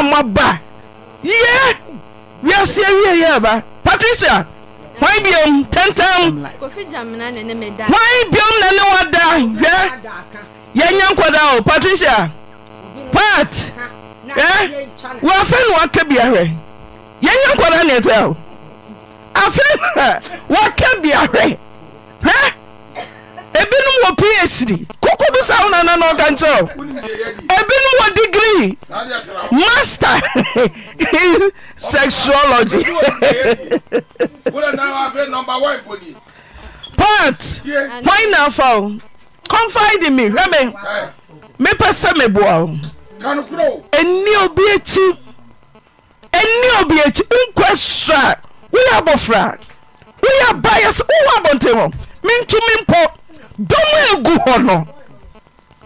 a mo aba yie wiase awie yɛ aba patricia hwan biom tɛntɛm hwan biom na da? Um, wada hwɛ yɛnyɛ nkɔda o patricia pat ɛ eh? wɔafe ne waka bia hwɛ yɛnyɛ nkɔda ne ɛtɛ eh? o afe na waka bia hwɛ hwɛ ebinom wɔ phd kɔbisa wo nana na ɔka nkyerɛ ebinom wɔ degree master in sexuology part hwan na afa wo confide in me hwɛ me mepɛ sɛ meboa wo eni obi akyi ɛni obi akyi nkɔ sra woyɛ abɔfra woyɛ abayɛ sɛ wowɔ abɔnten hɔ mentumi mpo dɔm a ɛgu hɔ no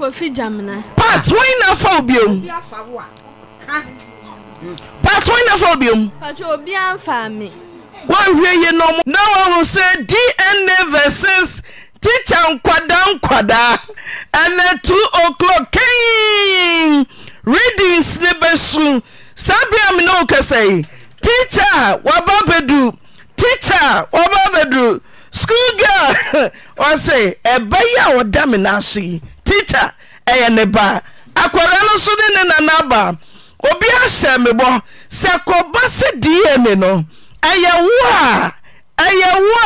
kofi jamina. part wọn na fa obi omu. part wọn na fa obi omu. pàtó obi anfa mi. wọn hwẹ yẹn nọ mu. na wọn hù dna versus teacher nkwadaa nkwadaa ɛnna two o'clock kẹ́yìn readings ni bẹ sùn sábìá mi náà kẹsẹ̀ yìí teacher wàbá bẹ̀dù teacher wàbá bẹ̀dù school girl wọ́n sẹ́ ẹ̀ bẹ́yà ọ̀dà mi náà sùn tikya ɛyɛ ne baa akara no so ne ne nanabaa obi ahyɛ mebɔ sɛ kɔba sɛ diiɛ ne no ayɛwo a ɛyɛwo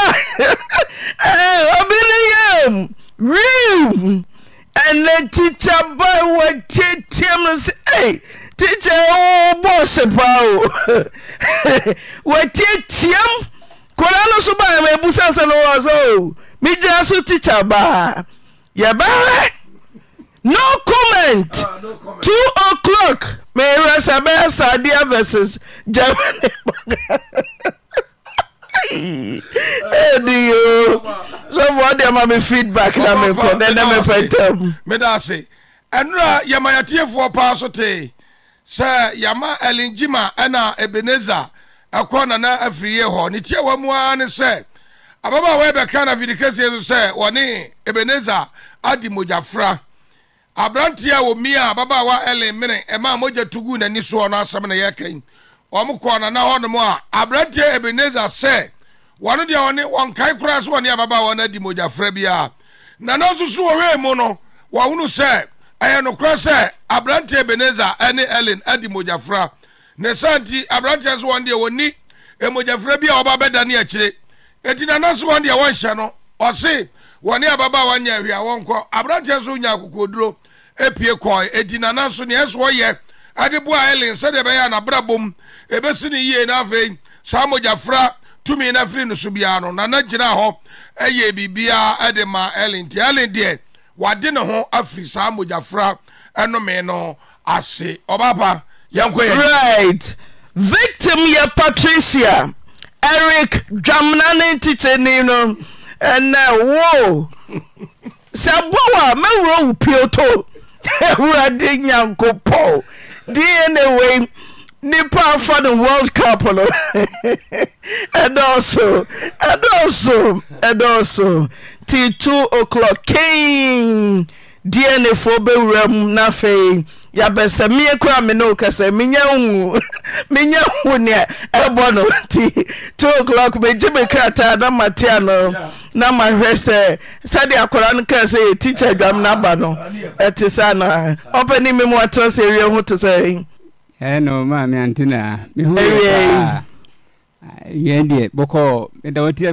a obi no yɛm wim ɛnɛ tikya ba waatiɛ tiam nosɛ tikha bɔɔsye pa o waatiɛ tiam kada no oh, so ba maabu sasɛ no wasɛoo megyina so teakha baa yɛbɛrɛ no comment. Two o'clock. May Rasabella Sadia versus German. hey, do you? So, what do you have feedback? I'm going to tell you. I'm going to tell you. I'm going you. i Yama Elinjima Ena Ebenezer. A corner na a free year horn. It's your one and say. Ababa Weber can have you the case here to say, aberanteɛ a wɔmi a ababaawa ɛle mmene ɛma a mogya tugu n'ani soɔ no asɛm na yɛka yi wɔn kɔɔ nana hɔnom a aberanteɛ Ebenezer sɛ wɔn deɛ wɔne wɔn kae koraa so wɔne ababaawa no adi mogyafra biara nana nso so wɔhwɛ mu no wɔahunu sɛ ɛyɛ nokorɛ sɛ aberanteɛ Ebenezer ɛne ɛlen adi mogyafra ne santi aberanteɛ so wɔn deɛ wɔni mogyafra bi a wɔba bɛda ne akyire eti nana so wɔn deɛ wɔnhyɛ no ɔse wɔne ababaawa nyɛ ahwia wɔn kɔ aberanteɛ so nya akokoduro epie kɔn edi nana nso nea ɛsɛ ɔyɛ a ellen sɛdeɛ ɛbɛyɛ anabrabɔ mu ebesi ne yie n'afei saa mogyafra tumi n'afiri ne so biara no nana gyina hɔ ɛyɛ biribiara ɛde ma ellen deɛ ellen deɛ wade ne ho afiri saa mogyafra ɛnome no ase ɔbaapa yɛn kɔ yɛn. right victim yɛ patricia eric dwamna ne ntikyɛni no ɛnɛ wo sɛ bowa mɛwura wo pioto. ɛwura de nyankopɔw de yɛnɛ wei nnipa fa no world cup no ɛdɔso ɛdɔɔso ɛdɔɔso ti t 0'clock kan dnafoɔ bɛwura mu na afei yɛabɛsɛ meɛ koraa me ne wo kasɛ menyɛ menyɛ wo nea ɛbɔ no nti 2 o'clock megye me krataa na matea no na mahwɛ sɛ sɛdeɛ akɔra no kaa sɛ yɛ tikha adwam no aba no ɛte sa na ɔpɛni me mu atena sɛ awie ho te sɛ ɛno maa me ante na mehowie deɛ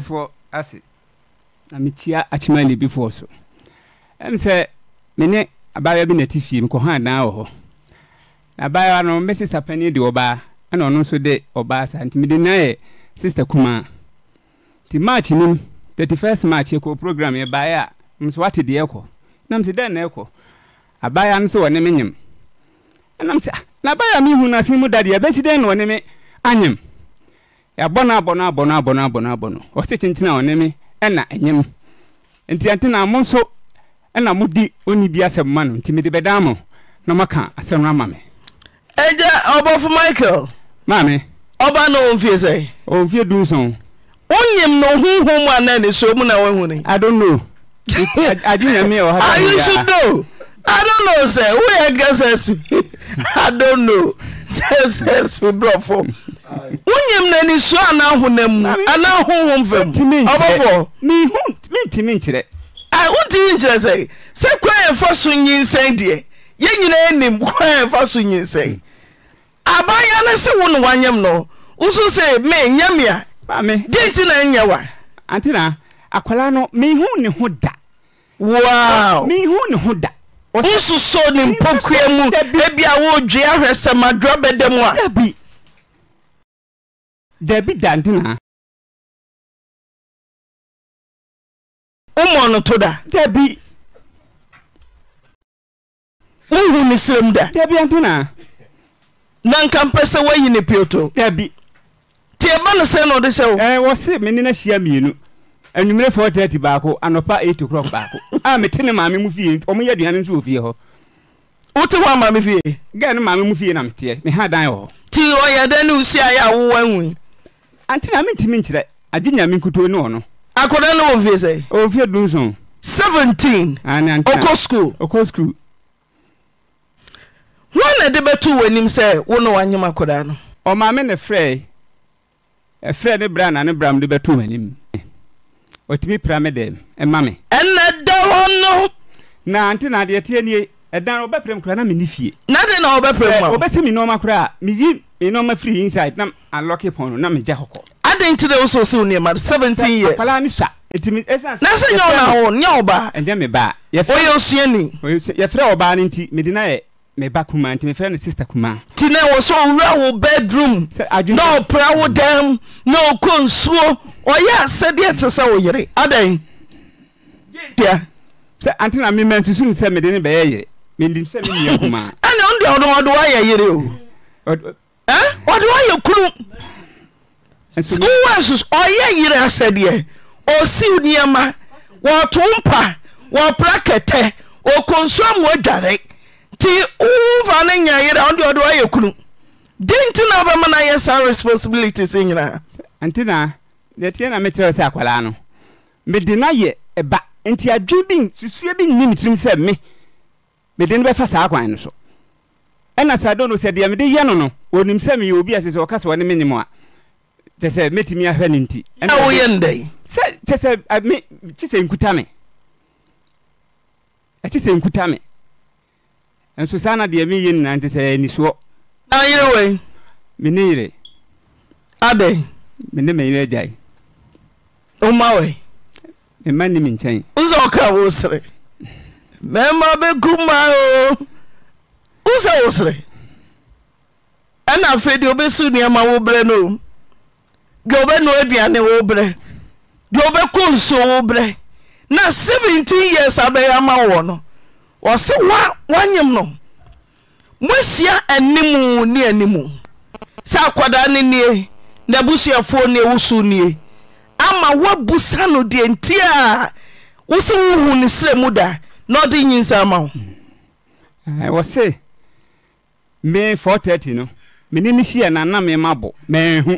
ase na mekyia akyemalibifoɔ so ɛm sɛ me ne abaayewa bi na ɛte fie mekɔhaa dan wɔ hɔ abaayewa no me sista pani de ɔbaa ɛna ɔno nso de ɔbaa saa nti mede na yɛ sista kumaa nti march nim thirty first march ɛkɔ program yɛbaeɛ a nso wate deɛ ɛkɔ nam sɛ dɛn na ɛkɔ abaayewa no nso wɔ ne me nyem ɛnam sɛ ah, na abaayewa mi hu no mu dadeɛ ɛbɛsi dɛn na wɔ ne me anyem yɛabɔ no abɔ no abɔ no abɔ no abɔ no abɔ no a ɔne me ɛna ɛnyem nti ɛnte na mo nso ɛna modi ɔni bi asɛm ma no nti mede bɛdan mo na maka asɛm no ama me ɛgya ɔbɔfo michael maame ɔba na ɔmfie sɛ ɔmfie dunson wonyim no honhom a na ne so mu na wahu ne i don't know agye nyame ɛwɔ ha you should know i don't know sɛ woyɛ gsp i don't know gsp brɔfo wonyim no ani so anaa honam mu anaa honhom fam ɔbɔfo mentimi nkyerɛ wontimi nkyerɛ sɛ sɛ kwan ɛfa so nyinsɛn deɛ yɛ nyinaa nim kwan ɛfa so nyinsɛn abaya no sɛ wo ne woanyam no woso sɛ me nyame a deɛ nti na nyɛ wa antina akwala no mehu ne ho da Waaw! mehu ne ho da wosuso ne mpokua mu ebia wodwea ahwɛ sɛ madorɔ bɛda mu a dabi dabi dantenaa womɔ no to da dabi wohu ne serɛm da dabi antena na nka mpɛ sɛ woayi ne pioto dabi nti ɛba no sɛ na ɔde hyɛ wo wɔ se mene no ahyia mmienu anwummerɛ 430 baako anɔpa 8 o'clock baako a mete ne maame mu fie ɔmoyɛ aduane nso wɔ fie hɔ wote hɔ a maame fie gɛ no maame mu fie na meteɛ meha dan wɔ hɔ nti ɔyɛ dɛ ne wosi ayɛ a wowɔ anwui antena mentimi nkyerɛ agye nyame nkutuo ne ɔno akɔda no wɔ mfie sɛ ɔmfie dunson 17 ɔkɔ school ɔkɔ school wọn na de bɛtu wɔ anim sɛ wo ne wanyem akɔda no ɔmaame ne frɛ ɛfrɛ ne bra na ne bra m de bɛtu wɔ anim ɔtumi pra me dɛm ɛma me ɛnɛ da hɔ no na ante na adeɛ teɛ nie ɛdan ɔbɛprɛ m koraa na menni fie na de na ɔbɛprɛ mu a ɔbɛsɛ me nɔɔma koraa meyi me nɔɔma firi inside na alɔke pɔn no na megya hɔkɔ adɛn nti dɛ wo sɛ ɔsɛ wo nneɛma seventeen years e na sɛ nyɛ wo na wo nyɛ wo baa ɔyɛ osuani yɛfrɛ ɔbaa no nti mede na yɛ kuma nti mefrɛ no sister kuma nti na ɛwɔ wo bedroom na ɔpra wo dam na ɔkɔ nsuo ɔyɛ asɛdeɛ te sɛ wo yere adɛn tia sɛ ante na mema nsusum sɛ mede ne bɛyɛ yere menim sɛ menua kumaa ɛne ɔndeɛ ɔde wɔde woayɛ yere o ɔde woayɛ kunu w ɔyɛ yere asɛdeɛ ɔsiwo neɛma wɔtoo mpa wɔpra kɛtɛ ɔkonsoma dyware ti wo fa ne nya yere de yɛ knu etina ɛmanyɛ saresponsblit synekerɛsɛ aa no mede no ayɛ ba nti adwen bi susua bi nem tirim sɛ me mede no bɛfa saa kwan no so ɛna sa donsɛdeɛ mede yɛ nono ɔnim sɛ meyɛobi assɛ ɔka sɛ ɔne menema eɛmetimiatyetsae etisenkutame nso sana deɛ meyeninateɛnisoyee enye ad emeya omae emaniminte kema euma ʋssere enafdiomesonɛmawobr deɛ ɔbɛnoa aduane wo berɛ deɛ ɔbɛkɔ nsuo wo berɛ na 17 years abɛyɛ ama wɔ no ɔse woanyem no moahyia animu ne animu sɛ akwadaa ne nnie na abusuafoɔ nne woso nnie ama woabu sa no deɛ nti a wo sɛ wohu ne serɛ mu da na ɔde nyinsa ama wowɔ se me 430 no mene ne hyia nanamemabɔ mahu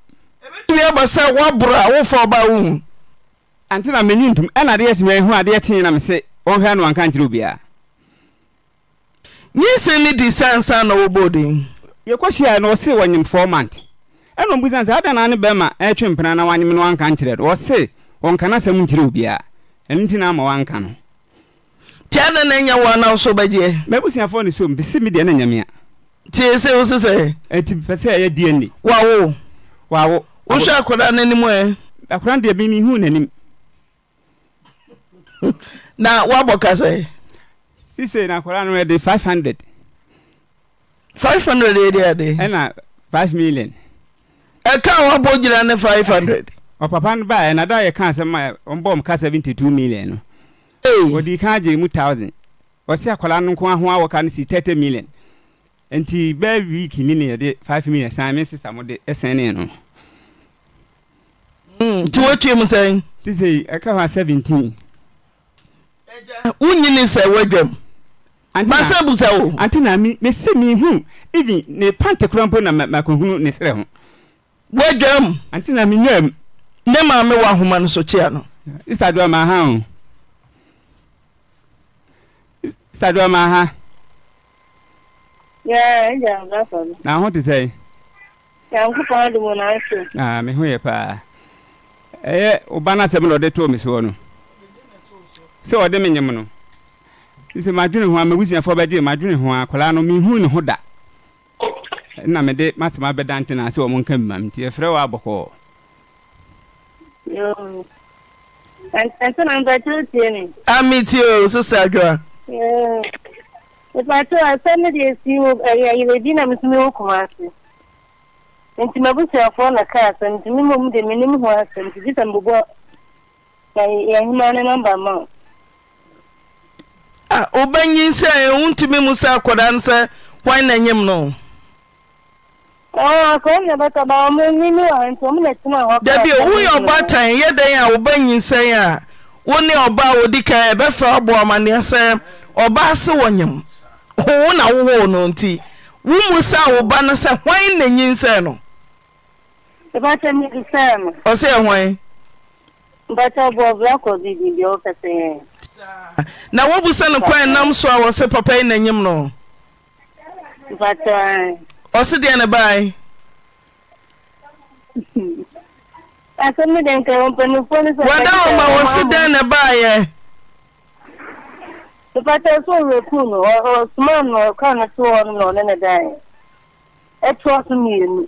ya gbasa woaborɔ a wofa ɔba wo hu ante na menyi ntom ɛna adeɛ tumi ahu adeɛ kyee na mese ɔhwɛ no wanka nkyerɛ obiaa nyinsi ne di sansa na wɔbɔɔden yɛkɔhyiaa na ɔse wɔnyem four month ɛna ɔmbu sane sɛ ada naa ne bɛma ɛtwe mpena na wanyem no wanka nkyerɛ no ɔse wɔnka no asɛm nkyerɛ ɛno nti na ama wanka no nti ada na anya wɔa na wso bɛgyeɛ mabusuafoɔ ne som bisi me na nyame a nti ɛsɛ wo se sɛ ɛti pɛ sɛ ɛyɛ wohwɛ si n'anim ɛ akora deɛ bimehuu n'anim na woabɔ ka sɛ sisei na akɔraa no ɛde 500 500 ɛdeade ɛna five million ɛka woabɔ gyina ne 500 ɔpapa no baa ɛnada yɛka sɛ ma ɔmbɔ m ka 72 million no ɔde ka agye mu 1000 ɔse akɔraa no nko aho a no si thirty million nti bɛɛ wiiki ni ne yɛde 5 million san me sesa mode ɛsɛn ne no Mm, nti woatue mu sɛn wonyini sɛ woadwam masɛ bu sɛ wo ante na mesɛ mehu even ne pante kora mpo na makohunu ne serɛ ho woadwam ante na menyam ne maa me ahoma no so kyea no istadoa maaha o istadoa maaha na ho te sɛ nyankopɔn de mu nanso ah, me yɛ paa ɛyɛ ụba no asɛm na ɔde too me soɔ no sɛ ɔde me nyem no sɛ madwene ho a mabusuafoɔ bɛgye madwene ho a akwaraa no mehu ne ho da na mede masɛm abɛdante no sɛ ɔmo nka mma m nti ɛfrɛ wɔ abɔkɔɔ ametio sesa adwoa mepatɛ asɛm no na mesome wo nti m'abusuafoɔ na kaa asɛm nti me mmom de menim ho asɛm nti gye sɛ mbobɔ na yɛahema ne nɔmba ma wo a wobanyin sɛ wontumi mu sɛ akɔda no sɛ hwan na nyem no dabi woyɛ ɔbaatan yɛ dɛn a wobanyin sɛn a wo ne ɔba a wodi kan ɛbɛfrɛ ɔboa amanneɛ sɛ ɔbaa se wɔ nyem wo na wowoo no nti wo mu sɛ a wo ba no sɛ na no ịbacha mmiri sam ọsị enwe ịbacha bụ ọbụla ka ọdị dị dị ọkasị na wobusa no kwan nam so a wɔsɛ papa yi n'anim no ɔse deɛ ne bae wada wo ma wɔse dɛn ne baeɛ Pepata so were kunu, or Osman, or Kana, so on, or Nenadai. It was me.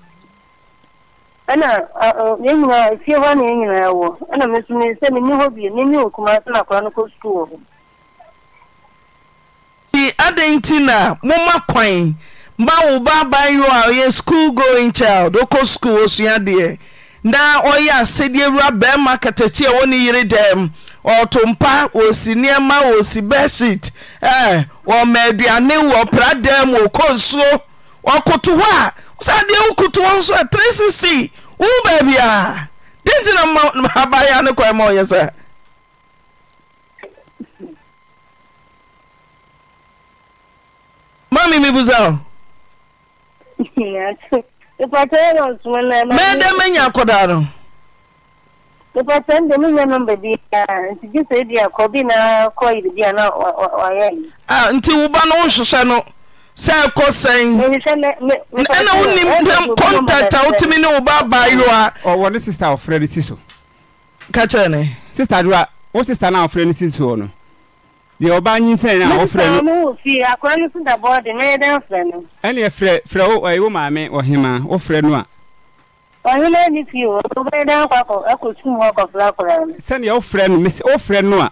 ɛna na yɛn nyinaa ɛna sɛ hɔ sɛ na no kɔ sukuu wɔ hɔ. adan ti na mo kwan mba wo ba abayɔ a ɔyɛ school going child okɔ school osua deɛ na ɔyɛ wura bɛrima katakyi a yere dɛm ɔto mpa osi nneɛma osi ɛɛ aduane wɔ nsuo ɔkoto hɔ sɛ wo kotoɔ nso a 360 wowo baabiaa deɛ nti na abayɛ ne kwan ma ɔyɛ sɛ mami mebusa omɛɛdɛ mɛnya akɔdaa no nti wo ah, ba no wohwehwɛ no sɛ ɛkɔ sɛn ɛna wonim dam contact a wotumi ne wo baabaayewa ɔwɔ ne sister ɔfrɛ no si so ka kyerɛ ne sister dora wo sister no a ɔfrɛ no si so no deɛ ɔbaa nyinsɛn no a ɔfrɛ oh, eh, eh, eh, oh, no ɛne ɛfrɛ frɛ wo ɛyɛ wo maame ɔhema wofrɛ no a sɛneɛ wofrɛ no wofrɛ no a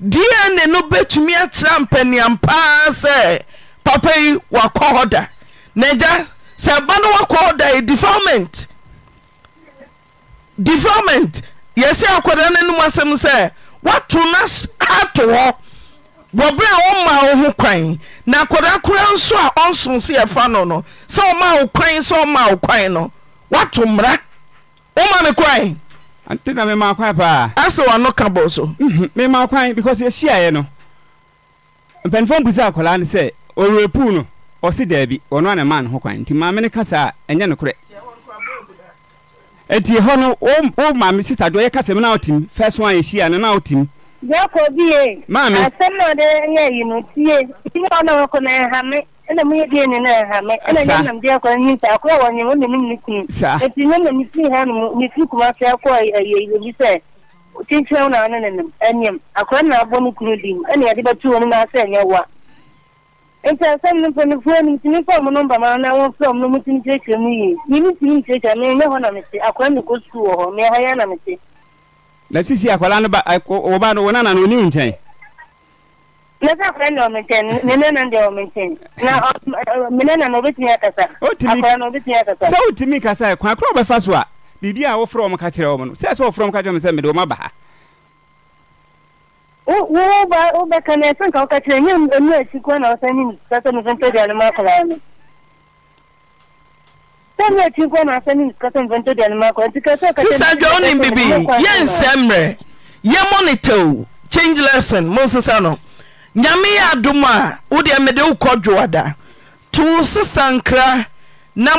dna no bɛtumi akyerɛ mpaneam paa sɛ papa yi wakɔ hɔ da na sɛ ɛba no woakɔ hɔ da yi develment develment yɛsɛ akɔda no anom asɛm sɛ woato no ato hɔ wɔberɛ a wɔmmaa wo ho kwan na akɔda koraa nso a ɔnsom so yɛfa no no sɛ ɔmaa wo kwan sɛ ɔmaa wo kwan no woato mmara woma me kwan ante na mema kwan paa asɛ wano ka bɔ so mhm, mema kwan because yɛhyiaeɛ no mpanimfoɔ mbusa akwaraa no sɛ ɔwerɛ puu no ɔse daabi ɔno a ne maa ne ho kwan nti maame no ka saa ɛnyɛ nokorɛ ɛti hɔ no wo maame sista do yɛka sɛm na wotim fɛ so a yɛhyia no na wotim jɛkɔ bie maame asɛm na ɔde nyɛ yi no tie nti ɔna wɔkɔ na ɛhame ɛna mu yɛ die ne na ha mɛ ɛna nyɛ nam deɛ nta wɔ nyɛ eti ha kuma fi akɔ ɛyɛ ebi sɛ na ɔne ne na abɔ ne kunu di mu ɛna yɛde bɛtu wɔn na asɛ nyɛ wa nti asɛm no mpɛ ne ɔmo na wɔn ɔmo no mo ti mu yie ti ha yɛ na mesa fɛ eh. na ɔmo nkyɛn ne ne nan na eh. mene um, eh, um, na na obetumi akasa akɔla na obetumi sɛ wotumi kasa yɛ kwan kora ɔbɛfa so a biribi a wofrɛ ɔmo ka kyerɛ ɔmo no sɛ sɛ wofrɛ ɔmo ka kyerɛ ɔmo sɛ mede ɔmo aba ba wo bɛ kan ɛsɛ nka ɔka kyerɛ nyɛ emu akyi kwan sisan jɔ wo bibi yɛn nsɛm rɛ yɛn monitor change lesson mo sisan no. nyame yɛ adom a wodeɛ mede wokɔ dwoada too sesa nkra na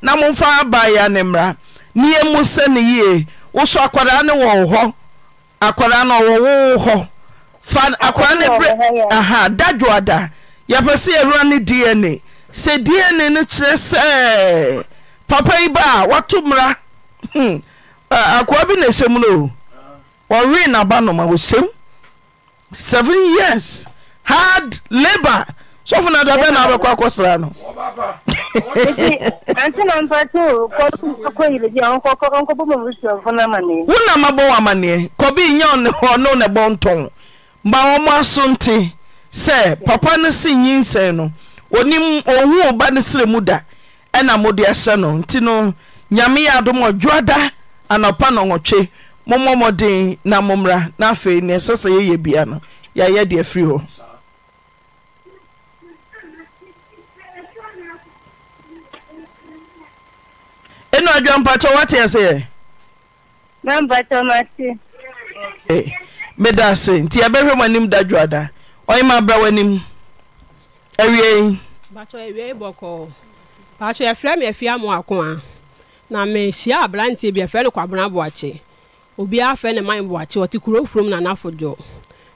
na momfa aba ne mmara ne yɛ sɛ ne yie akwadaa ne wɔwo hɔ akwadaa no ɔwɔ wowo hɔ akwadaa ne berɛ aha da dwoada yɛpɛ sɛ yɛwura ne dna sɛ dna no kyerɛ papa yi ba a hmm. bi na no n'aba nom a wɔhyɛm s years hard labor sɛfo no adoabɛ na abɛkɔ akɔ sra no wona mabɔ wɔ amanneɛ kɔbe nyɛ nne ne bɔntɔno ma wɔmmɔ aso nte sɛ papa no se nyisɛe no ɔnim ɔhuo ba ne sere mu da ɛna mode asyɛ no nti no nyameyɛ adom ɔdwoada anapa nɔhɔtwe mommɔ mmɔden na mommra na afei na ɛsɛ yɛyɛ bia no yɛayɛ de afiri hɔ ɛnu e adwampakyɛ woate ɛ sɛyɛ eh, meda se nti yɛbɛhwɛ m anim da dwoada ɔyema abra w'anim awiei pakyɛ na e bi no obi fɛ ne man bu akyi ɔte kuro na n'afɔdwo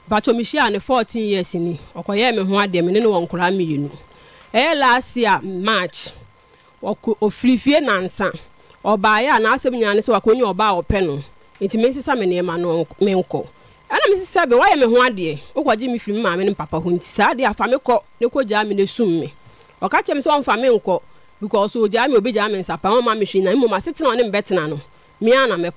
bàtò mi a ne fourteen years ni ɔkɔyɛ mi ho adeɛ mi ne ne wɔn mmienu ɛyɛ last year a n'asɛm nyinaa ne sɛ ɔbaa ɔpɛ no nti mi nsesa mi nneɛma no mi nkɔ ɛna mi bi wɔyɛ mi ho mi firi mi maame ne papa ho nti saa afa mi kɔ ne kɔ gyaa mi ne sum mi ɔka mi sɛ ɔnfa mi nkɔ because nsa mi na emu ma se tena no na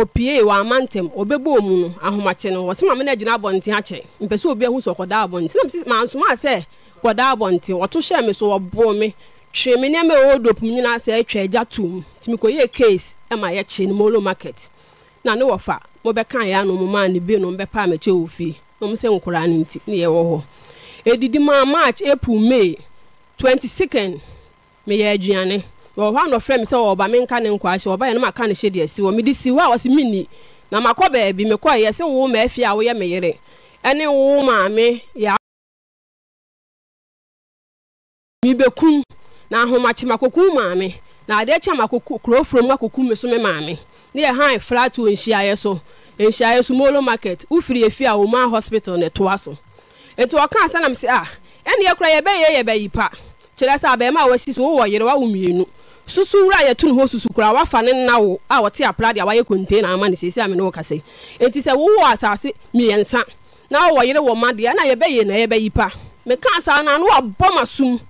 opie wɔ ama ntɛm ɔbɛbɔ mu no ahomakye no wɔsɛ maame no agyina abɔnten akyɛ mpɛ sɛ obi ahu sɛ abɔnten na mesɛ mansoma a sɛ kɔda abɔnten wɔto hyɛ so wɔboo me twe me nneɛma ɛwɔ dopum nyinaa sɛ mu case ma no molo market na ne wɔfa yɛ ano maa ne bi no a mɛkyɛ wɔ fie na ɔmo sɛ nkoraa ne hɔ maa march april may wɔ hɔ a na ɔfrɛ mi sɛ ɔba mi nka ne nkɔ ahyɛ ɔba yɛn no ma ka ne hyɛ deɛ si wɔ mi de si wa a mi ni na ma kɔ baabi mi kɔ yɛ sɛ wo ma ɛfi a woyɛ mi yere ɛne wo maame yɛ mi bɛ kum na ahomakye ma kokum maame na adeɛ kyɛ ma koko kuro furo mu akokum mi so mi maame ne yɛ han flat wɔ nhyiaeɛ so nhyiaeɛ so molo market wofiri efi a oman hospital na ɛtoa so etu ɔka asanam sɛ a ah, ɛne yɛ kura yɛ bɛyɛ yɛ bɛyi pa kyerɛ sɛ abɛɛma a wɔasi so wowɔ yere wa wo mmienu susu wura a yɛtu ne ho susu kora wafa ne nna a wɔte apra deɛ wayɛ kɔntena ama ne seesei a me ne enti sɛ wowɔ asase mmiɛnsa na wowɔ yere wɔ ma deɛ na yɛbɛyɛ na yɛbɛyi pa mekaa saa na no wabɔ ma sum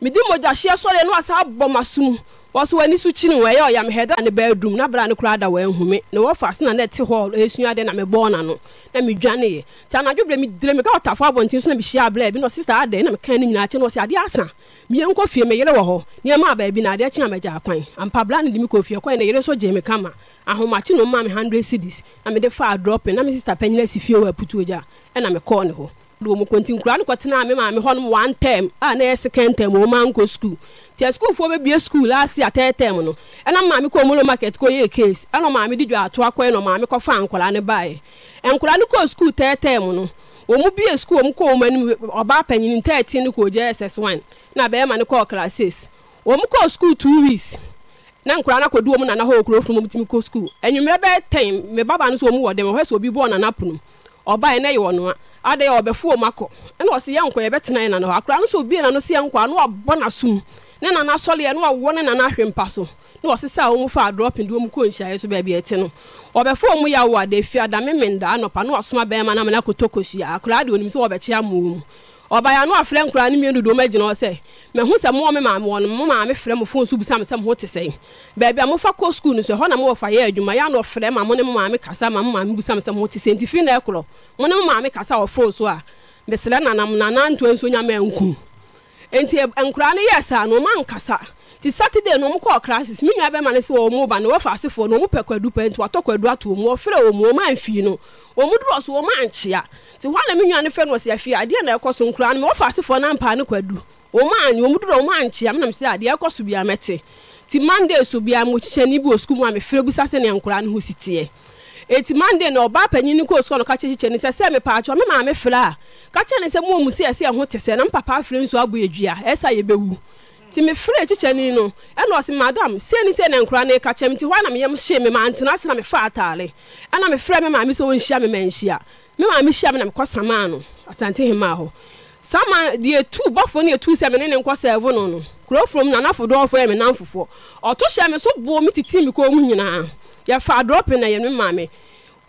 mede mogyahyeɛ sɔreɛ na wasaa bɔ ma sum wɔso w'ani so kyi ne wɔ ɛyɛ ɔyamehɛ da ne bɛadum na bra ne koraa da wɔahume na wɔfa ase na na ɛte hɔ ɛsua deɛ na mebɔɔ n'ano na medwaneeɛ nti anadwo berɛ medire meka ɔtafoɔ abɔnten so na mehyia abrɛ bi na ɔsista adɛn na meka ne nyinaa kyɛ na ɔsɛ adeɛ asa meyɛ nkɔ fie meyere wɔ hɔ nneɛma a baabi na adeɛ kye a magya akwan ampabra ne de me kɔ fie kɔɛ na yere so gye me kama ahomakye na ɔma me 100 cedis na mede faa drɔpe na me sista panyina si fie wɔ aputuo gya ɛna mekɔɔ ne de wɔn kɔnti nkura no kɔtena me maame hɔ nom one term a na yɛ second term wɔn maa nkɔ school tia sukuufoɔ bɛbie school last year third term no ɛna maame kɔ omolo market kɔ yɛ case ɛna maame di dwa ato akɔ yɛ na maame kɔfa nkwadaa ne baeɛ nkwadaa no kɔ school third term no wɔn bie school wɔn kɔ wɔn anim ɔbaa panyin thirteen no kɔ gye ss one na bɛrima no kɔ class six wɔn kɔ school two weeks na nkwadaa no akɔdu wɔn nana hɔ okuro funu wɔn tumi kɔ school enyimrɛ bɛɛ tɛn mɛ baba no so wɔn wɔ dɛm ɛhɔ sɛ obi bɔ ɔnana pono ɔbaa yɛ na yɛ wɔn noa Ade yɛ ɔbɛfu wɔn akɔ ɛna ɔsi yɛn nkɔ yɛbɛtena yɛn nana hɔ akora no sɛ obi yɛn nano si yɛn nkɔ ano abɔ n'asum ne nana asɔle yɛ no awɔ ne nana ahwɛ mpa so na wɔsi sɛ a wɔn fa adrɔpin de wɔn kɔ nhyia yɛ so baabi ɛte no ɔbɛfu wɔn yɛ awɔ ada efi ada memendaa nɔpa na wɔasoma bɛrima na amena kotokosia akora de wɔn sɛ wɔbɛkye amoo mu ɔbaa no afrɛ nkura no mmienu dodo ma gyina hɔ sɛ mɛhu sɛ mo me maame wɔn mo maame frɛ mo fon so bisa mo sɛ mo ho te sɛ baabi a mofa kɔ sukuu no so hɔ na mo wɔfa yɛ adwuma yɛ ano ɔfrɛ ma mo ne mo maame kasa ma mo maame bisa mo sɛ mo ho te sɛ nti fi na ɛkorɔ mo ne mo maame kasa wɔ fon so a mesrɛ nanam nana ntoa nso nyama nku nti nkura no yɛ saa no ɔma nkasa ti saturday na wɔn kɔɔ classes mi nua bɛma ne sɛ wɔn ba na wɔfa asefoɔ na wɔn pɛ kwadu pɛ nti wɔatɔ kwadu ato wɔn wɔfrɛ wɔn wɔn anfii no wɔn durɔ so wɔn ankyea ti hɔ na mi nua ne fɛ no ɔsi afi adeɛ na ɛkɔ so nkura no wɔfa asefoɔ na mpaa ne kwadu wɔn anyi wɔn durɔ wɔn ankyea mi nam sɛ adeɛ ɛkɔ so bia mɛte ti monday so bia mo kyikyɛ ni bi wɔ sukuu mu a mefrɛ bi sase ne nkura ne ho si teɛ eti monday na ɔbaa panyin ne kóòsù kɔnɔ kakyɛ kyikyɛ ne sɛ sɛ mepaatwa me maame fira a kakyɛ ne sɛ mo omu si ɛsɛ ɛho te sɛ na mpapa afiri nso abɔ edua ɛsɛ ayɛ bɛwu ti me frɛ kyekyɛni no ɛna ɔse madam sɛni sɛ ne nkora ne ka kyɛm nti hɔ na meyɛm hye me mantena ase na mefa ataale ɛna mefrɛ me maame sɛ wɔnhyia me manhyia me maame hyia me na mekɔ samaa no asante hima hɔ sama deɛ tu bɔfoɔ ne yɛtu sɛ me ne ne nkɔ sɛvo no no na nanafo dɔɔfoɔ yɛ me namfofoɔ ɔto hyɛ me so boɔ me titi me kɔn mu nyinaa yɛfa adorɔpe na yɛ me maame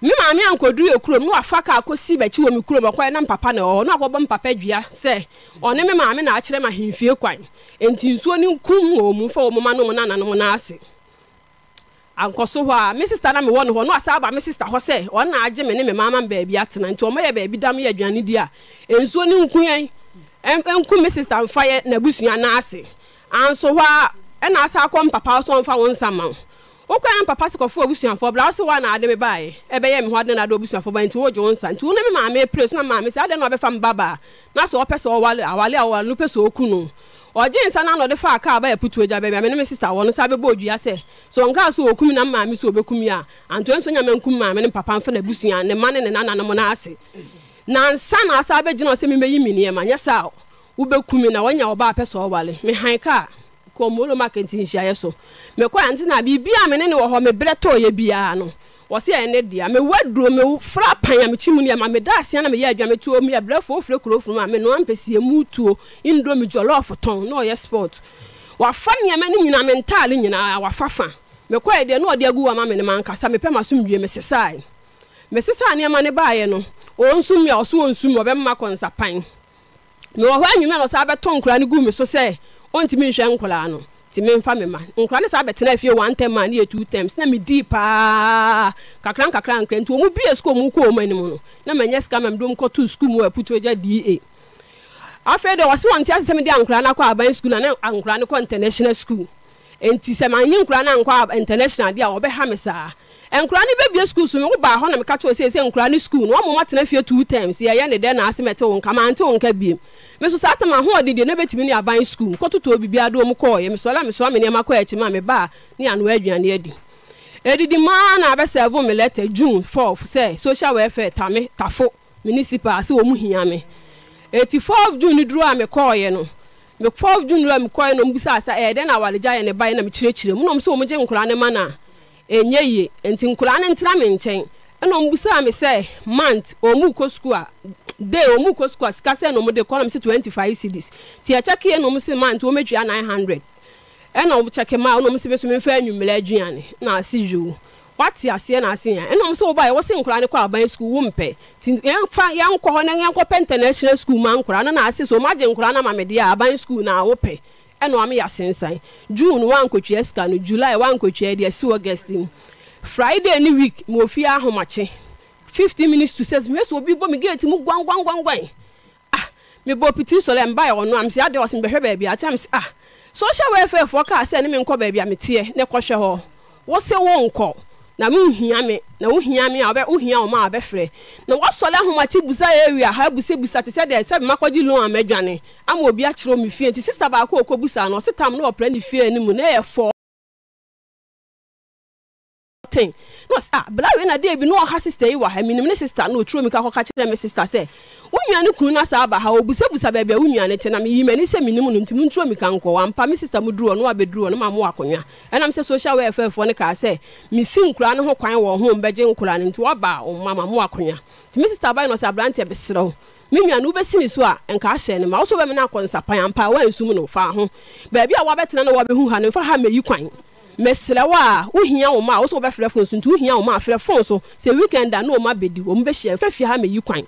me maame ankɔduru yɛ kurom ne wafa kaa kɔsi bɛkyi wɔ me kurom ɔkɔɛ na mpapa na ɔhɔ na akɔbɔ mpapa dua sɛ ɔne me maame na akyerɛ ma ahemfie kwan enti nsuo ne nkum wɔ mu fa wɔ moma no mu na nanom no ase ankɔ so hɔ a me sista na mewɔ no hɔ na wasa aba me sista hɔ sɛ ɔn na agye me ne me maama baabi atena nti ɔmɔ yɛ baabi dam yɛ aduane di a nsuo ne nku yɛn nku me sista mfa yɛ n'abusua no ase anso hɔ a ɛna asa akɔ mpapa so ɔmfa wo nsa ma wo wokɔ na papa se kɔfo abusuafoɔ bra wo se woa na ade me baeɛ ɛbɛyɛ me ho ade na ade obusuafoɔ ba nti wogye wo nsa nti wo ne me maame pire so na maame sɛ ade na wabɛfa me babaa na sɛ wɔpɛ sɛ ɔwale awale a wɔwale no pɛ sɛ ɔku no ɔgye nsa na ɔde fa kaa bɛyɛ putu agya baabi amene me sista wɔ no sɛ abɛbɔ odua sɛ sɛ ɔnkaa so wɔkum na maame so wɔbɛkum yi a antoa nso nyama nkum maame ne papa mfa n'abusua ne ma ne ne nananom no ase nansa na asa abɛgyina ɔ sɛ memɛyi me nneɛma nyɛ saa wobɛkum na wɔanya wɔba apɛ sɛ ɔwale mehan kaa kɔ molo market nhyiaeɛ so mekɔ ante na biribia me ne ne wɔ hɔ mebrɛ tɔɔ yɛ biara no wɔsi ɛyɛ ne dea mewɔ aduro mefra pan a mekyi mu nneɛma meda aseɛ na meyɛ adwa metuo mi abirɛ foforo kuro funu a menoa mpɛsie mu tuo indomi jɔlɔɔfo tɔn na ɔyɛ sport wafa nneɛma ne nyinaa me ntaale nyinaa wafa fa mekɔ yɛ deɛ na ɔde agu wama me ne ma nkasa mepɛ ma so mwie mesesae mesesae nneɛma ne baeɛ no ɔnsum yɛ ɔso ɔnsum ɔbɛma kɔnsapan mewɔ hɔ anwumɛ na ɔsan abɛtɔ nkura no gu me so sɛ ɔntumi nhwɛ nkwadaa no ti mi nfa mi ma nkwadaa ne saa abɛtena efie one term a ne yɛ two terms na mi di paa kakra nkakra nkra nti wɔn bi yɛ sukuu mu kɔ wɔn anim no na ma nyɛ sika ma mi dom kɔ tu sukuu mu wɔ aputu agya da afei de wɔsi wɔn ti asesɛ mi de nkwadaa no akɔ aban sukuu na ne nkwadaa no kɔ international school nti sɛ maa nye nkwadaa no ankɔ international de a wɔbɛha mi saa nkura ne bɛbie school so wo baa hɔ na meka kyerɛ sɛ sɛ nkura ne school no wɔn mo fie two times yɛyɛ ne dɛn na ase mɛte wɔn nka mante wɔn nka biem meso saa tam ahoɔden deɛ ne bɛtumi ne aban school kɔtoto obi bi adeɛ wɔn kɔɔ yɛ mesɔ la mesɔ me nneɛma kɔɔ akyi ma me baa ne anoa aduane adi edidi maa na abɛsɛɛvo me lɛtɛ june four sɛ social welfare tame tafo municipal sɛ wɔn mu hia me eti four june duro a mekɔɔ yɛ no me four june duro a mekɔɔ yɛ no mbisa asa ɛyɛ dɛn na awaregya yɛ ne ba yɛ na mekyerɛkyerɛ mu na ɔmo sɛ wɔn gye nkura ne ma na enye yie nti nkoraa no ntena me nkyɛn ɛna ɔmo busaa me sɛ mant ɔmo kɔ sukuu a day ɔmo kɔ sukuu a sika sɛ na ɔmo de kɔlɔm sɛ twenty five cedis tia kyɛkeɛ na ɔmo sɛ mant ɔmo nine hundred ɛna ɔmo kyɛkɛ maa ɔna ɔmo bɛsɛ aduane na wate aseɛ na ase na pɛ international ma nkora na na ase ɛna wɔn yɛ asensan june wɔn ankotwa sika no july wɔn ankotwa deɛ ɛsi august mu friday ne week mo fi ahomakye Fifteen minutes to six mehwɛ sɛ obi bɔ mi gate mu gwanggwanggwanggwan ah mebɔ piti sɔrɔ mba yɛ ɔno am si adi ɔsi mbɛhwɛ baabi ati am si ah social welfare fo kaa sɛ ɛne mi nkɔ baabi a mi teɛ ne kɔhwɛ hɔ wɔsi wɔn nkɔ na hia me na hia me a wohia ɔma a wobɛfrɛ na woasɔre ahomakye busa area ha busa te sɛ deɛ sɛ memakɔgye loan amɛdwane ama obi akyerɛ me fie nti sista baako ɔkɔbusa no ɔse tam ne ɔprɛ ne fie no mu na ɛyɛ fɔɔ nothing na ɔsɛ ah bla wei na de ebi na ɔha sista yi wɔ ha mi nim ne sista na oturo mi ka kɔ ka kyerɛ mi sista sɛ wɔn nua ne kunu na saa aba ha obusabusa baabi a wɔn nua ne te na mi yi ma ni sɛ mi nim no nti mi nturo mi ka nkɔ wa mpa mi sista mu duro no wa bɛ duro no ma mo akonnwa ɛnam sɛ social welfare foɔ ne kaa sɛ mi si nkura ne ho kwan wɔ ho mbɛgye nkura ne nti waba wɔn ma ma mo akonnwa nti mi sista abayi na ɔsɛ aberanteɛ bɛ serew me nua oh, no wobɛsi ne so a nka ahyɛ ne ma wo so bɛmene akɔ nsapan ampa woansum no fa ho baabi a woabɛtena no wɔbɛhu ha no mfa ha mɛyi kwan mesrɛ wo a wohia wo ma a wo sɛ wobɛfrɛ fon so nti wohia wo ma a frɛ fon so sɛ weekend a na ɔma bɛdi wɔ mu bɛhyia mfa fie ha mɛyi kwan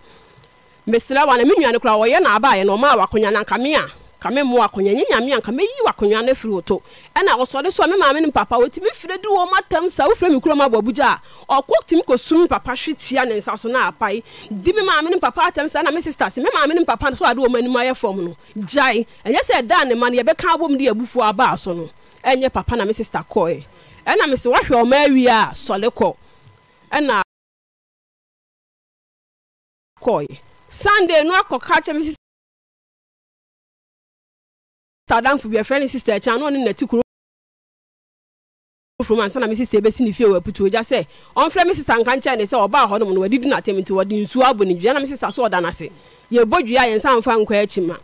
mesrɛ wo a na me nuane koraa wɔyɛ na abaayɛ na ɔma a wakonwa na nka me a ka me mmoa akonnwa nye nyame anka meyi wakonnwa no afiri wo to ɛna ɔsɔre so a me maame ne papa wɔtumi firi duru wɔn atam saa wofiri mi kurom abɔ abuja a ɔkɔ tumi kɔ sum papa hwe tia ne nsa so na apae di me maame ne papa atam saa na me sista se me maame ne papa so ade wɔn anim ayɛ fam no gyae ɛnyɛ sɛ ɛda ne ma no yɛbɛka abom de abufuo aba so no ɛnyɛ papa na me sista kɔɛ ɛna me sɛ wahwɛ ɔma awie a ɛna kɔɛ sunday no akɔka kyɛ me sista adamfo bi ɛfrɛ ne sista akyi ano ne nati kuro from ansa na me sista ebesi ne fie wɔ aputu ogya sɛ ɔnfrɛ me sista nka ne sɛ ɔbaa hɔ nom no wadidi n'atɛm nti wɔde nsuo abɔ ne dua na me sista so ɔda n'ase yɛbɔ dua yɛn nsa nfa nkɔ akyi ma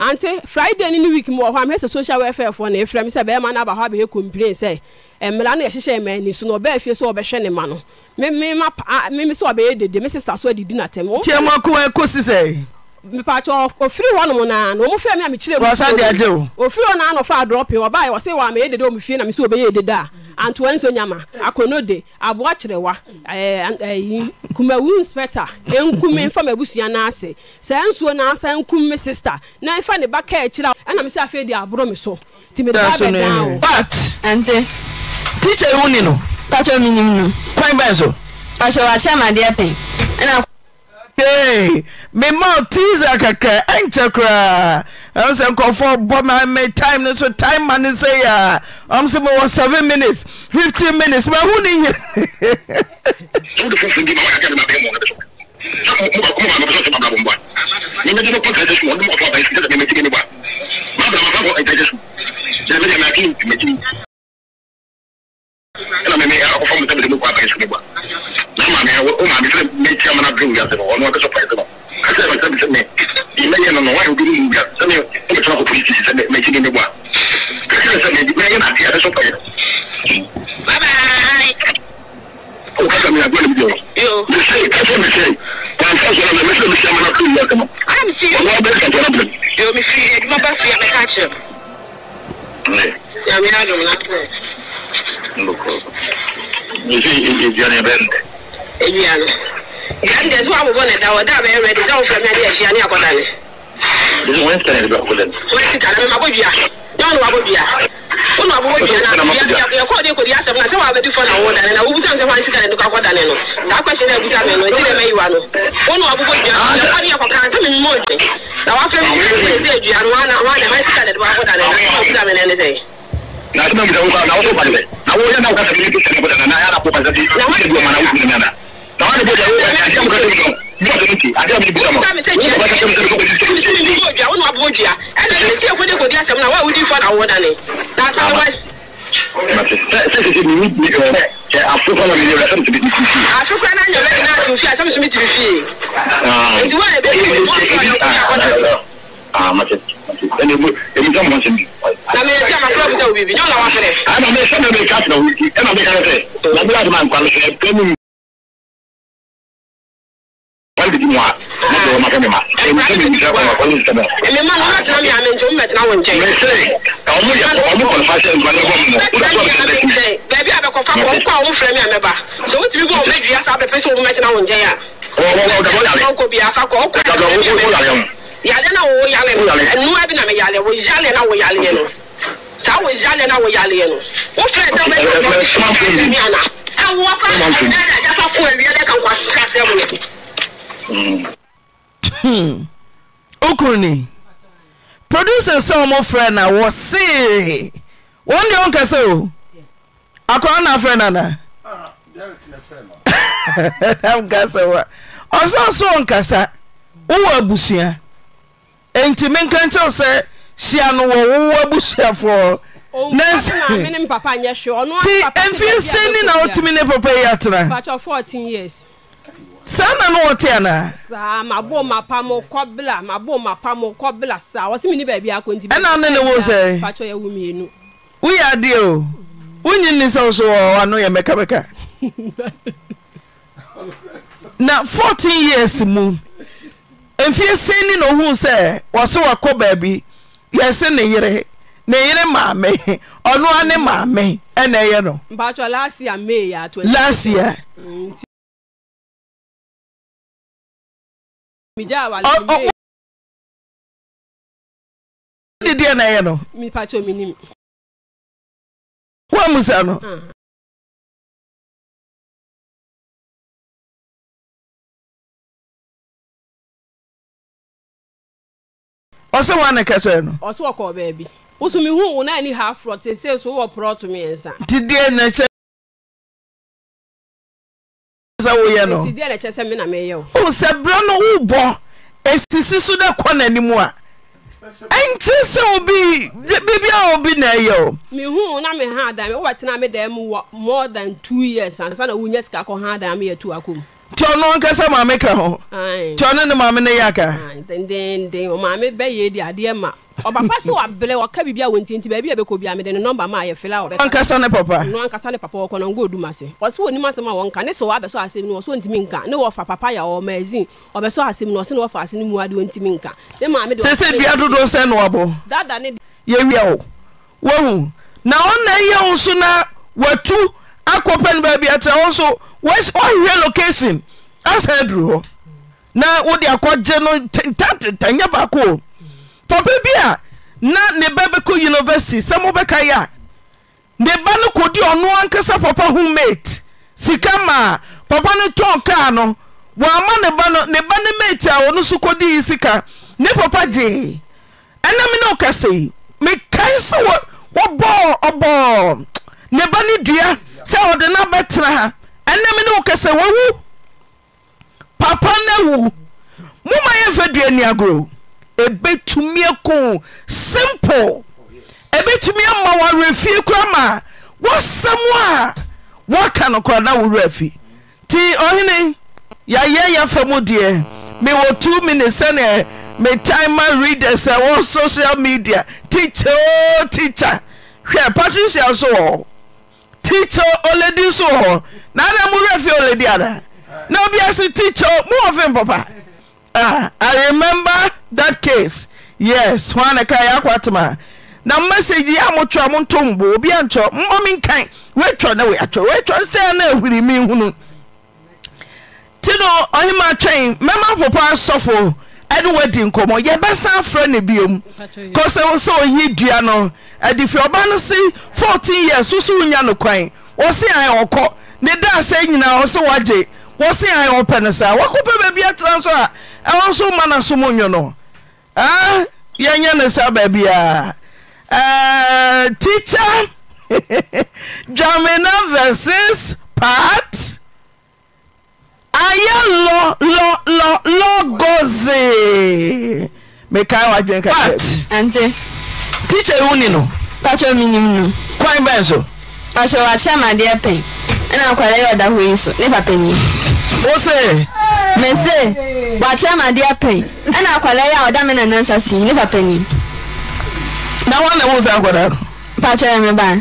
ante friday ne ne week mu wɔ hɔ a mehɛ sɛ social welfare foɔ na ɛfrɛ me sɛ bɛrima no aba hɔ abɛyɛ complain sɛ eh, mmara no yɛhyehyɛ ma ani so na ɔbɛɛ fie sɛ ɔbɛhwɛ ne ma no meme sɛ ɔbɛyɛ dede me sesa so adidi natɛm tiɛmɔkoa ɛkɔsi sɛ mepatɛ ofiri hɔnom naa na ɔmufrɛ me a mekyerɛ muofiri hɔ naa nɔfa adrɔpe ɔbaɛ wɔse wa ama yɛdede fie na me sɛ wɔbɛyɛ ɛdeda a antoa ne so nyama akono de aboa kyerɛwa kumawu inspector ɛnkume mfa ma abusua no ase saa nsuo no asa nkum me na nfa ne ba kaa akyirɛ a ɛna me sɛ afei de aborɔ me so nti mede ba bɛdaa wo teacher wo ni no pastor minim no kwan bɛn so pastor wahyɛ amadeɛ pɛn hey mema teaser kakra ɛnkyɛ koraa ɛm sɛ nkɔfoɔ bɔ ma me time no so time ma ne sɛ a ɔm sɛ mewɔ seven minutes fifteen minutes mahu ne nyɛ ɛna na maame o maame sɛ ne tia mana bere wiase no ɔno akɛsɛ pae no kasɛ me sɛ me sɛ me mɛyɛ no no woayɛ wobɛne mu wia sɛ me wobɛtena polisi sɛ makyi ne me bɔ a kasɛ sɛ mede mɛyɛ no ateade so pae no wokasa me agoa ne bi no mesɛ kasɛ me sɛ wamfa so no mɛsɛ mesia mana bere wiase no ɔno bɛka ntana bere mefiri adwuma ba fia mɛka kyerɛ Nyame adom ewia no yàrá dẹ̀ tó àbọ̀bọ̀ nẹ̀ dáwọ̀ dáa bẹ́ẹ̀ rẹ̀ dáwọ̀ fẹ́ mi adé ẹ̀ṣin àní àkọ́dà ni. wọ́n ti tẹ̀lé ìbáwọ̀ lẹ́nu. wọ́n ti tẹ̀lé ìbáwọ̀ bíyà náà ló wà bó bíyà ó lọ àbúrò bíyà náà bíyà bíyà bíyà kó o dé kò di àṣà fún àti wà á bẹ tí fọ́ náà wọ́n dání náà wọ́n bùtà nípa àti kàlẹ́ nípa kọ́ dání nù dáa pẹ̀sẹ̀ náà bùtà mi nù ètí lẹ́mẹ̀ ìwà nù ó lọ àbúrò bíyà náà wọ́n ní ẹ̀kọ́ kan sẹ́mi mímọ́ òjì náà wọ́n fẹ́ mi kí ẹ̀ ṣe ìjìyà nù wọ́n náà wọ́n na tuma na wasu na wo yana wuta na ya na ko kan na wani duwa na wani bɛ dɛ ɛni ati amu ka tɛmɛ sɔn bi ɔtɔ nti ati amu ibi kama wuli ba ka tɛmɛ sɔn ko ti sɛ. wuli ma bɔ jiya ɛna ni se ko ne ko di asɛm na wa wuli fɔ na wɔ na ne na sa wa. sɛsɛ ti mi mi ɛ ɛ afɔkɔ na mi ni ɛsɛm ti mi ti fi. afɔkɔ na nyɛ ah. bɛ ah, ah, na tu fi asɛm ti mi ti fi. nti wa yɛ bɛ ti mi bɔ ɔtɔ ɛnɛ mu emu sɛ mɔnsɛn bi. na mɛ ɛsɛ ma kura kuta o bibi nyɔnu la wa fɛnɛ. ɛna mɛ sɛ mɛ mɛ k'a fɛ o ti ɛna mɛ k'a fɛ na mi y'a di ma nkwa sɛ pɛmu wọ́n dìbò mu a ne bɛ wɔn akɛmɛ ma ɛmi sɛ mi sɛ wɔn akɔli sɛ mɛ. ɛmi maa wọn tẹ̀lé mi àná njẹ́ wọn bẹ̀ tẹ̀lé wọn jẹ́. mɛsẹ̀ ɔmu yɛ ɔmu kɔni fa sɛ nkɔlɛ bɔ mu nɔ o de sɔ mi sɛ bɛ bɛɛbi abɛkɔ fa kɔ nkɔ àwọn fúlẹ̀ mi àná ba sọwọ́ ti fi bọ́ ọmọ ìdúyà sá abẹ́fẹ́ sọ wọn bẹ̀ tẹ̀lé wọn jẹ́ yà. wọ́n wọ́n wọ́n dàbọ̀ yàrá Hmm. okuruni producer sɛ ɔmo frɛ na wɔ see wɔn deɛ ɔnkɛsɛ o akɔrɔ na frɛ nana nkasa wa ɔsɔɔsɔ ɔnkasa wowɔ abusua enti menka nkyɛw sɛ hyia no wɔ wowɔ abusuafoɔ nanti mfie sɛ ni na wotumi ne papa yi atena saa na no wɔte anaa ɛna ne ne wo sɛ woyɛ adeɛ o wonyi ni sɛ wo so wɔwano yɛ mɛkamɛka na 14 years mu mfie sei na ohuu sɛ wɔso ma baabi yɛse ne yere ne yere maame ɔnoa ne maame ɛna ɛyɛ no last year mm, migya awale mi yie. ɔdi deɛ na ɛyɛ no. mi patro mi nim. wɔn musa no. ɔsɛ wɔn ne kɛsɛ no. ɔsɛ ɔkɔ baabi wosumi hu wɔn a ni ha afro te se so wɔ pɔrɔto mmiɛnsa. ti deɛ na ɛkyɛ. sɛ woyɛ no o sɛ berɛ no wobɔ ɛsisi so dɛ kɔ n'anim a ɛnkyerɛ sɛ obi birbia obi na ɛyɛ o mehu na meha da me wobɛtena me da mu more than two years ansa na wonya sika kɔ ha dan meyɛ tu akɔ nti ɔno ankasa maame ka ho nti ɔno ne maame no yɛ aka maame bɛyɛ di adeɛ ma ɔpapa sɛ wa wɔka biribia wɔntinti baabi a bɛkɔ bia mede ne nɔmba ma ayɛ fela wɔbɛ ankasa ne papa no ankasa ne papa wɔkɔ no ɔnkɔ ɔdum ase ɔsɛ wɔnim asɛm a wɔnka ne sɛ wɔabɛsɔ asɛm no ɔsɛ ɔntimi nka ne wɔfa papa yɛ ɔwɔ magazine ɔbɛsɔ asɛm no ɔsɛ ne wɔfa ase no mu ade ɔntimi nka sese maame de sɛsɛ bia dodoɔ sɛ ne wabɔ dada ne yɛwia wo wahu na ɔna ɛyɛ wo so na watu akɔpɛ no baabi atra wo so wɔhwɛ location asa aduru hɔ na wode akɔgye no tantantanyɛ baako o papa bi a na ne ba becu university sɛ mobɛka ei a ne ba no kodi ɔno ankasa papa ho met sika maa papa no tɔn kar no wama ane ba ne met a ɔno so kɔdi yi sika ne pa pa gyee ɛna m ne wokɛsɛyi mekae sɛbɔbɔ neba ne dua sɛ ɔde ne bɛtera a ɛnɛ m ne wokɛsɛ wu papa no wu momayɛmfdania ebɛtumiɛ ko simpl bɛtumiɛ ma woawerɛfie korama wosɛm a woka nokorana woa fi nti ɔhene yayɛ yɛ fa mu deɛ mewɔ t minu sɛde metima reade sɛ ɔ social media tekɛo teka hwɛ patesia so wɔ hɔ tkɛ oldi so wɔ hɔ nnmfldia n bis tkeo mowɔfempapaarmmba ah, that case yes hoanaka yɛ akwatema na mmɛsɛgyi a motwɛ mo ntom bo obi ankyɛ mmɔme nkan woatwɛ ne weatwɛ woatwɛ sɛ na ahurimi hunu nti no ɔhema twɛn mɛma asofo asɔfo ɛne woadi nkɔmmɔ yɛbɛsan frɛ ne biom kɔ sɛ wo sɛ yi dua no ade firi ɔba no se 14 years susu wonya no kwan wɔ se aɛ ɔkɔ ne daa sɛ nyinaa ɔ se woagye wɔ se aɛ ɔpɛ no saa wakɔpɛ baabi atera nso a ɛwɔ nso woma no so mu nwo no ah yɛnyɛ ne sa baabi a uh, teacher Dwamena versus part ayɛ lɔ lɔ lɔ lɔgɔze mekae wadwen ka part ante teacher yi wuni no patro minim no kwan bɛn so patro wakyɛ amadeɛ pɛn ɛna akwara yɛ ɔda hɔ yi so ne papa ni Ose. Mese. Wacha madi ape. Ana akwala na oda me nana nsasi ni papa ni. Na wana wo za akwala. Pacho ya me ba.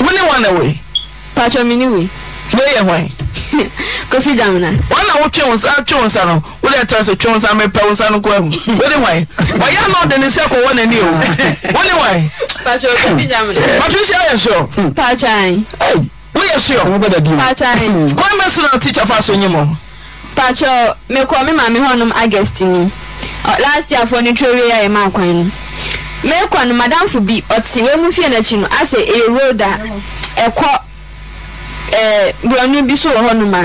Wone wana we. Pacho mi ni we. We ye hwan. Kofi jamina. Wana wo twen sa twen sa no. Wo de so twen sa me pe wo sa no ko ahu. Wo de hwan. Wa ya no de ni se ko wona ni o. kofi jamina. ya ɛfsmpaakyɛo hmm. mekɔ me ma me hɔnom agastmilastiafoɔ no twerɛ wie a yɛ mankwan ni meekɔ no madamfo bi ɔte wɔmu fianoakyi no asɛ ɛɛwod a ɛkɔ eh, burano bi so wɔ hɔnom a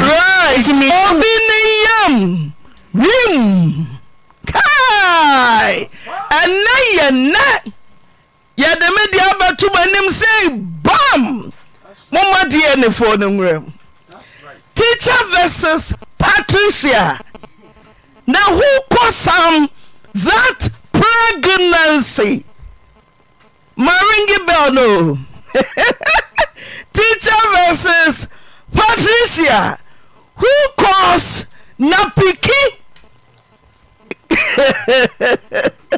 the no room, teacher versus patricia na who caused that pregnancy maringi bell no teacher versus patricia who caused napiki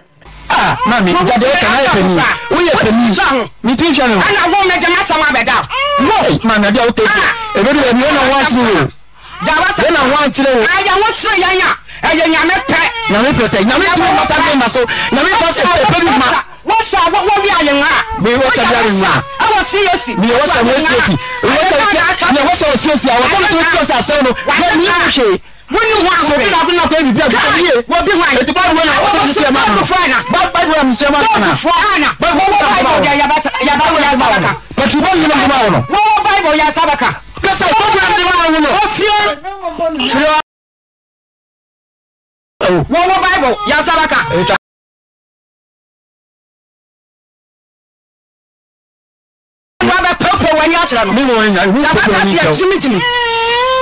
ah mami jade kana yɛ panyin woyɛ panyin mi ti hwɛ no. ɛna wɔn mɛ jama sɛm abɛda. wɔyi mami adi awo teke ebi de ɛbi ɛna wɔn akyerɛ wo jaba sɛ ɛna wɔn akyerɛ wo. ayɛ wɔn kyerɛ yɛn ya ɛyɛ nyame pɛ. nyame pɛ sɛ nyame tí wọn wasa bẹ́ẹ̀ ma so nyame pɛ sɛ pɛ bi ma. wɔsɔ awɔ wɔ bi ayɛ ŋa. mi wɔsɔ bi ayɛ ŋa. ɛwɔ siyesi. mi wɔsɔ mi wɔsɔ si. mi wɔsɔ mi wɔsɔ si awɔ sɔ mi ti wɔsɔ asɛn no. wa wóni wọn àwọn bẹẹ wóni wọn àwọn bẹẹ káì wọ́n bí wọn àyè ètò báyìí wọn náà wọ́n sọ fún tóòtù fún àná báyìí wọn sọ fún tóòtù fún àná wọ́n wọ́n báyìí bọ̀ yà sábàkà. pẹ̀tù bọ́ọ̀lù yìí máa ń bá wọn. wọ́n wọ́n báyìí bọ̀ yà sábàkà. kẹsà ìtọ́jú àti ìwà wọn lọ. wọ́n wọ́n báyìí bọ̀ yà sábàkà. wọ́n bẹ pẹ́pẹ́ wọn ní àtìrà nù. mi wọ̀ ẹ̀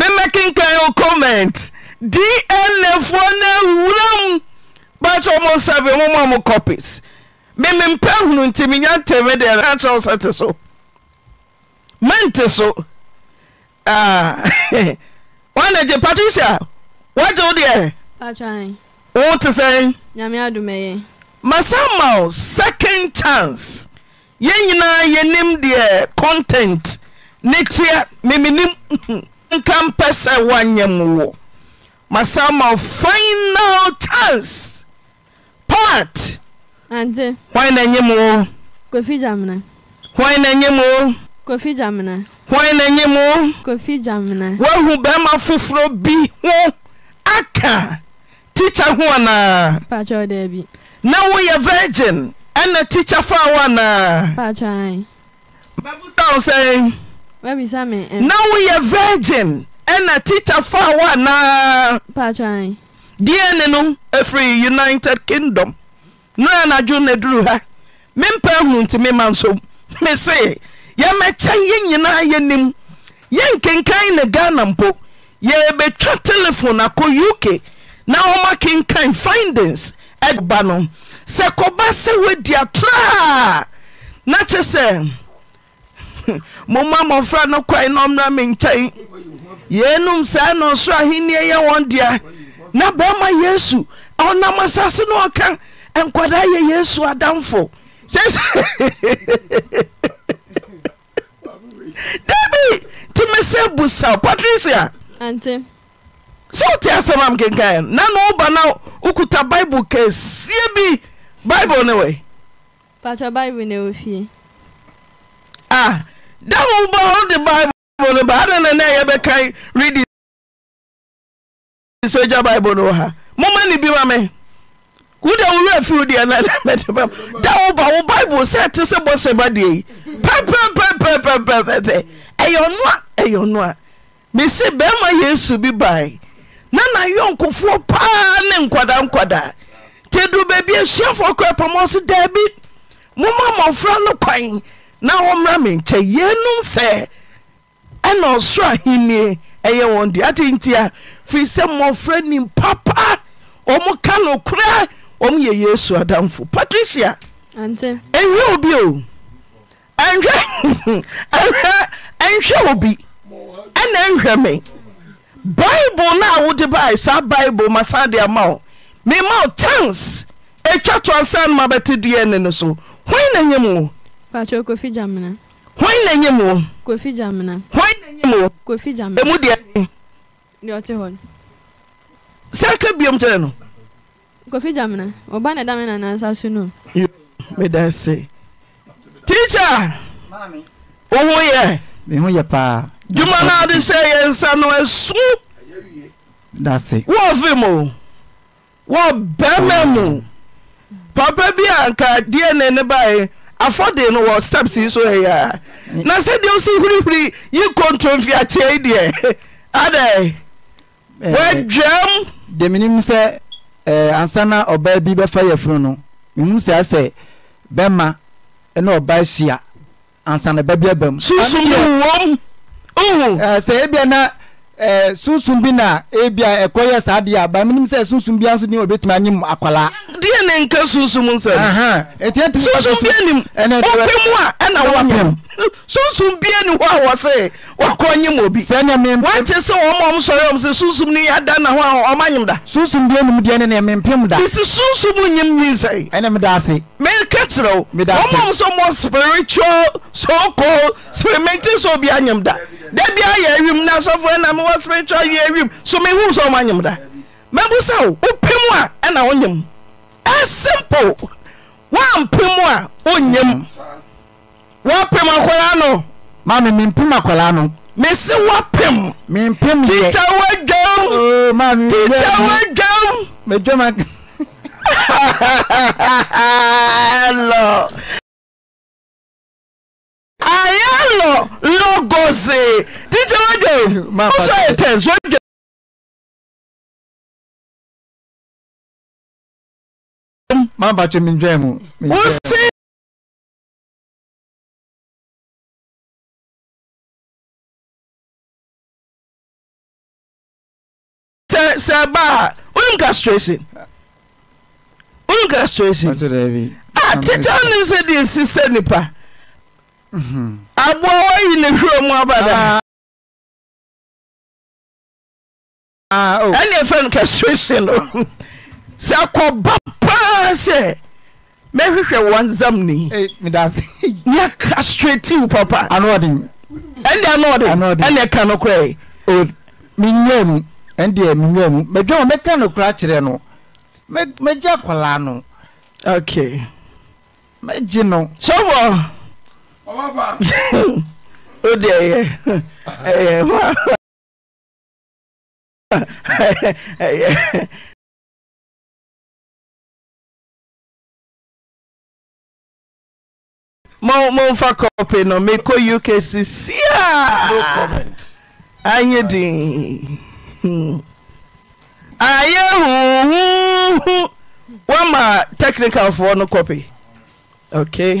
memɛkenkao cɔmment d nɛfoɔ no wuram bakyɛmɔ sɛv momamɔ copies memempɛ hunu nti menya tɛmɛ deɛ reakyɛwo sɛ te so mente so ah. wonɛgye patricia woagye wo deɛ wote sɛn masa mao second chance yɛ nyinaa yɛnim deɛ content neta memenm nka mpɛ sɛ woanyɛ mu wɔ masa ma final chance part hwan na nyim wo hwan na nyim wo hwan na nyim wo woahu bɛrima foforɔ bi ho aka tikya ho anaa na woyɛ virgin ɛna tikya faa wo anaa babusawo sɛ na woyɛ virgin ɛna teachafaa wɔ anaa deɛ ni no afirii united kingdom naaa nadwo ne duruu ha mempɛ ahununtime ma nso me se yɛmɛkya yɛn nyinaa yɛnim yɛnkenkan ne ghana mpo yɛɛbɛtwa telefon akɔ uk na ɔmma kenkan findangs adba no sɛ kɔba sɛ woduatraa na kye sɛ momma mmɔfra no kwae na ɔmmra me nkyɛn yeenom saa na ɔsoro ahenniɛ yɛ wɔn na bɛrima yesu ɔnam asase no ɔka nkwadaa yɛ yesu adamfo sɛs dabi nti mesɛ bu saw patricia sɛ wote asɛm am kenkaɛ na na woba na wokuta bible kɛsie bi bible ne wɛ da woba wode bible no baada ne na ɛyɛ bɛkan redi so agya bible no wɔ ha momma ne bi ma me woda wowerɛ fi wo na mɛde ma da woba wo bible sɛ ɛte sɛ bɔhyɛ ba deɛ yi pɛpɛpɛpɛpɛpɛpɛ ɛyɛ ɔno a ɛyɛ ɔno a mesi bɛrima yesu bi bae na nayɔnkofoɔ paa ne nkwadaa nkwadaa nti duru baabi ahyiafoɔ kora pamɔ se daabi momma na wɔmmra me nkyɛ yeenom sɛ ɛna ɔsoro ahennie ɛyɛ wɔn deɛ ade nti a firi sɛ mmɔfra nim papa ọmụ ka nokora ɔm yɛ yesu adamfo patricia ɛnhwɛ obi o ɛnhwɛ obi ɛna ɛnhwɛ me bible na a wode saa bible ma de ama Ma chance to ti ne so pàtó kofi jamina. hwan na enyim wo. kofi jamina. hwan na enyim wo. kofi jamina. emu deɛ. deɛ ɔte hɔ. sɛ ka biom kyerɛ no. kofi jamina Ọba na dame na nansa so no. yo meda se. tikya. wo ho yɛ. mi ho yɛ paa. Juma naa de hyɛ yɛn nsa no ɛso. dase. wọ́n fi mu wọ́n bẹ́ẹ̀ mẹ́mu papa bi a nka dna ne bae. afɔde no wɔ steps yi so ɛyɛ a na sɛdeɛ wosi hurihuri yi kontomfi akyɛ yi deɛ adɛ wɔadwam deɛ menim sɛ ansa na ɔbaa bi bɛfa yɛfono no mehu sɛ asɛ bɛma ɛna ɔbaa hyia ansa na bɛbi aba mu sunsun mu wɔm sɛ ebia na sunsun bi na ebia ɛkɔ yɛ saa deɛ aba sɛ sunsun bi nso ni o tuma akwala. diɛ ne sunsun nsɛm. sunsun bi anim a ɛna wapɛm sunsun bi anim hɔ a wakɔ obi. sɛnɛ mi mpɛm wɔnti sɛ wɔn ma sɔrɔ sɛ sunsun ni ada na hɔ a ɔmo anyim da. sunsun bi anim deɛ ne na mi mpɛm da. bisi sunsun nyim nyi nsɛm. ɛna mi da mɛ kɛtɛrɛw wɔn ma ɔmo sɛ ɔmo sprital so meho sɛ woma yim da mabusao wopem a ɛna woym esmple wompema oyem woprem akala no mesewopem ayalo logosi títí wọ́n jẹ ó sọ ètè wọ́n jẹ. máa bá tó mi jẹ́ mu. ó sì. sẹ sẹ báa wọ́n castration wọ́n castration. a títí wọ́n ní sẹ́ni èsì sẹ́ nípa. aboa woayi ne hwerɛ mu abada ɛne ah, ah, oh. ɛfɛ nke no paa ni eh, yɛ castratiw papa ɛne anoɔden ɛne ɛka no korae menyaa mu ɛndeɛ menyaa mu madwa ma mɛka no kora kyerɛ no mɛgya kwalaa no no ó di ẹyẹ ẹyẹ wá ẹyẹ. mo mo nfa kọpì nọ mi kó uk sí sí à. no comment. ayé dín. ayé huhuhu wọ́n ma technical fọ́ no kọpì. okay.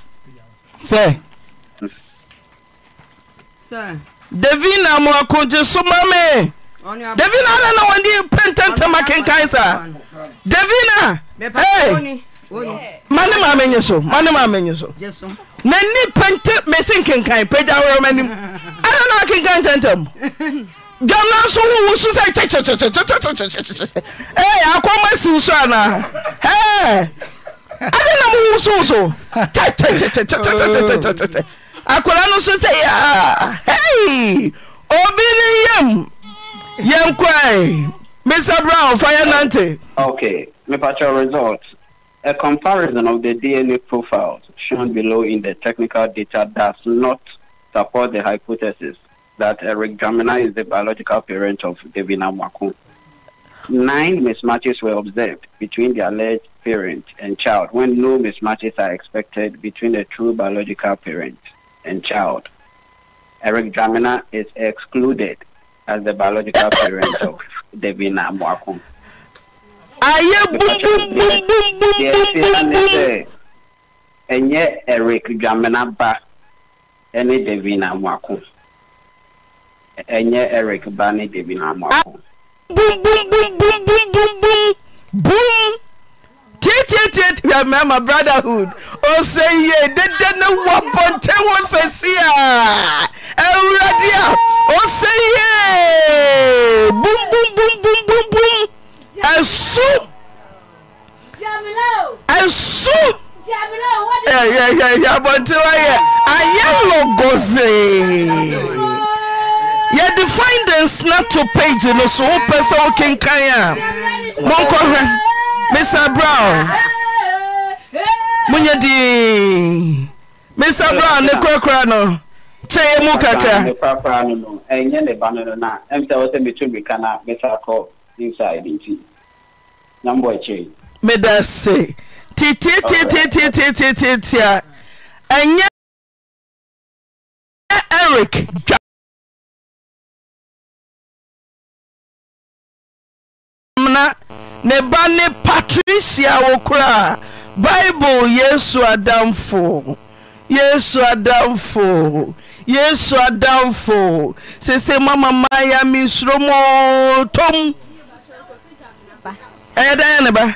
se davina mo akonge somame davina ananawni pententem akenka so davina manemmyso nemyso neni pnt mese kenka peaweremni ananaakenka tentem damna so hhso sc akoma si so ana ade na mowo so so kyɛkyɛkyɛkyɛkyɛkyɛkyɛkyɛkyɛ no so sɛ yaa hei obi ne yam yɛn kwae mr brown fire nante. okay mepatrol result a comparison of the dna profiles shown below in the technical data does not support the hypothesis that eric dramina is the biological parent of david amwaku. nine mismatches were observed between the alleged parent and child when no mismatches are expected between the true biological parent and child. Eric Dramina is excluded as the biological parent of Devina Mwakum. ɛnyɛ eric dwamena ba ne devina mwakom ɛnyɛ eric ba ne devina mwakom bing bing bing bing bing bing bing bing tititi remember brotherhood ose oh, ye dede ne wɔ bɔnten wo sɛsi a awurade a ose ye bum bum bum bum bum bum ɛsu ɛsu ɛyɛ yɛ yɛ bɔnten wa yɛ ayɛ lɔgɔzee. yɛde findanse nato page no so wopɛ sɛ wokenkan a monkɔhwɛ mesa brow monya di misabrown ne korakora no kyɛ eɛ mu kakra meda sɛ titetettti a ɛnyɛɛ eric dwa na nne ba ne patrisia wɔ koraa bible yesu adamfo yɛsu adamfo yɛsu adamfoɔ sese mamama yɛ me soromɔ tom yɛaɛne an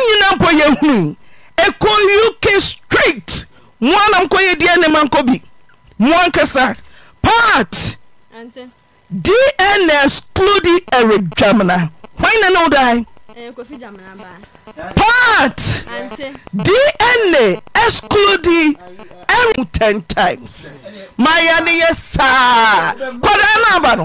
ɛoɛ ɛkɔ uk straight moa anam nkɔ yɛdiɛ nnema nkɔ bi moankɛsa part dna excludi arɛdwamena han neno wodan eh, part dna exclodi mu 10 times mayɛ ne yɛ saa kɔdaa no aba no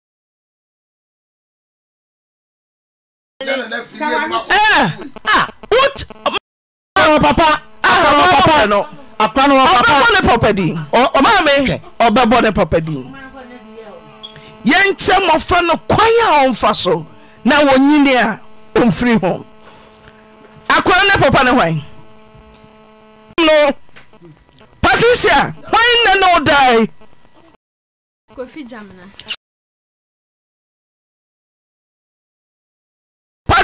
wot ọmọ papa ọmọ papa no apanu ọmọ papa ọbẹbọ ne papa di ọmọ mi ọbẹbọ ne papa di yẹn nkyɛn mmɔfra no kwan a ɔnfa so na wɔnyini a ɔnfiri ho akɔrɔ ne papa ne hwan no patricia hwan nna na ɔdae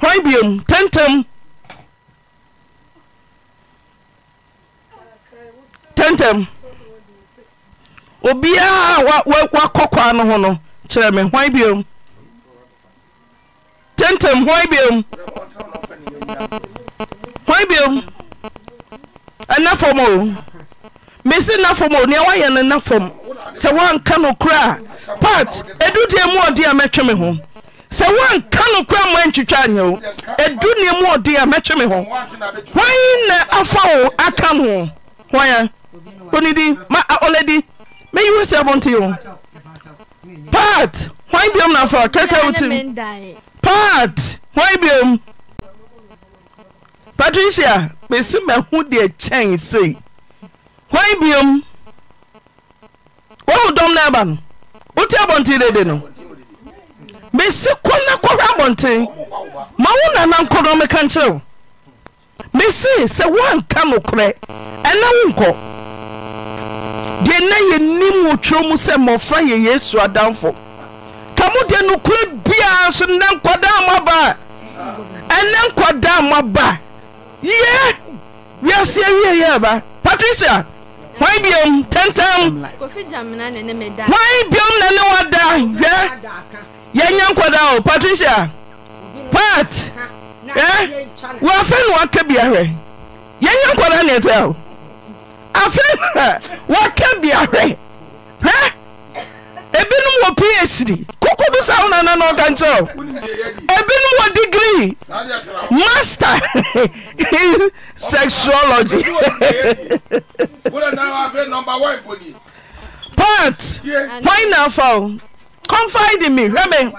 h bio obiaa wokɔkɔa n hono kyerɛ me bio bio nf o mɛsi nafm nnea woayɛ no nafm sɛ wonka nokoraa at deɛ mɔde a mɛweme ho sɛ woanka no kora ma ntwitwa anyɛ o ɛdu nneɛ mu ɔden a mɛtwe me ho hwan na afa wo aka no ho hwan a onidi ma ɔlɛdi mɛyi wo sɛ abɔnte o part hwan biom na afa kɛkɛ wo tim part hwan biom patricia mesi mahu deɛ kyɛn sei hwan biom wohu dɔm no aba no wote abɔnte dede no mesi kɔ na kɔhwɛ abɔnten ma wo nana nkɔdɔ meka nkyerɛ wo mesi sɛ woanka nokorɛ ɛna wonkɔ deɛ na yɛnim wɔ twerɛ mu sɛ mmɔfra yɛ yesu adamfo ka mo deɛ nokorɛ biara so nnɛ nkɔdaa mo aba ɛnɛ nkɔdaa mo aba yɛ wiase awie yɛ aba patricia hwan biom tɛntɛm hwan biom na ne wada hwɛ yɛnyɛ nkɔda o patricia pat ɛ eh? wɔafɛ no waka bi ahwɛ yɛnyɛ nkɔda ne ɛtɛ o afɛ no a waka bi ahwɛ hɛ ebinom wɔ phd koko bi sa wona na na ɔka nkyɛw ebinom wɔ degree master in sexuology part hwan na afa o confide in me hwɛ me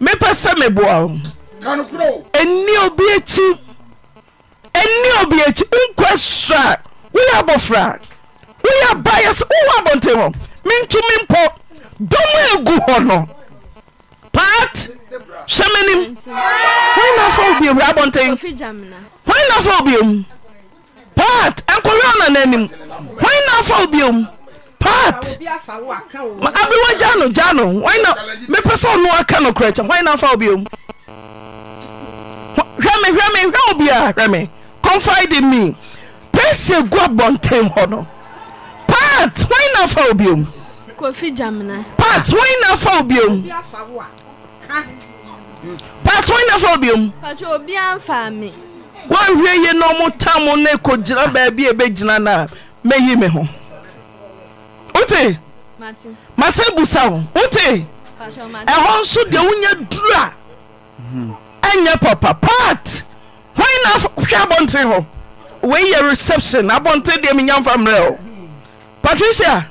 mepɛ sɛ meboa wo ɛni obi akyi ɛni obi akyi nkɔ sra woyɛ abɔfra woyɛ abayɛ sɛ wowɔ abɔnten hɔ mentumi mpo dɔm agu hɔ no paat hyɛ m'anim hwan nafa obiom hwɛ abɔnten hwan nafa obiom paat ɛnkɔhwɛ ɔna n'anim hwan nafa obiom part abewa gya no gya no wɔn na mepɛ sɛ ɔno aka no korɛ kyɛ wɔn na afa obi om hwɛ me hwɛ me hwɛ obi a hwɛ me confide in me pɛsɛ gu abɔnten hɔ no part wɔn na afa obi om kofi jamina part wɔn na afa obi om part wɔn na afa obi om pàtó obi anfa mi. wɔn ahwɛ yie na wɔn tam ne ko gyina baabi a ebe gyina na meyi me ho. wote masɛ busa wo wote ɛhɔ nso deɛ wonya duru a ɛnyɛ papa part hwan na hwɛ abɔnten hɔ wei yɛ reception abɔnten deɛ menyamfa mmerɛ o patricia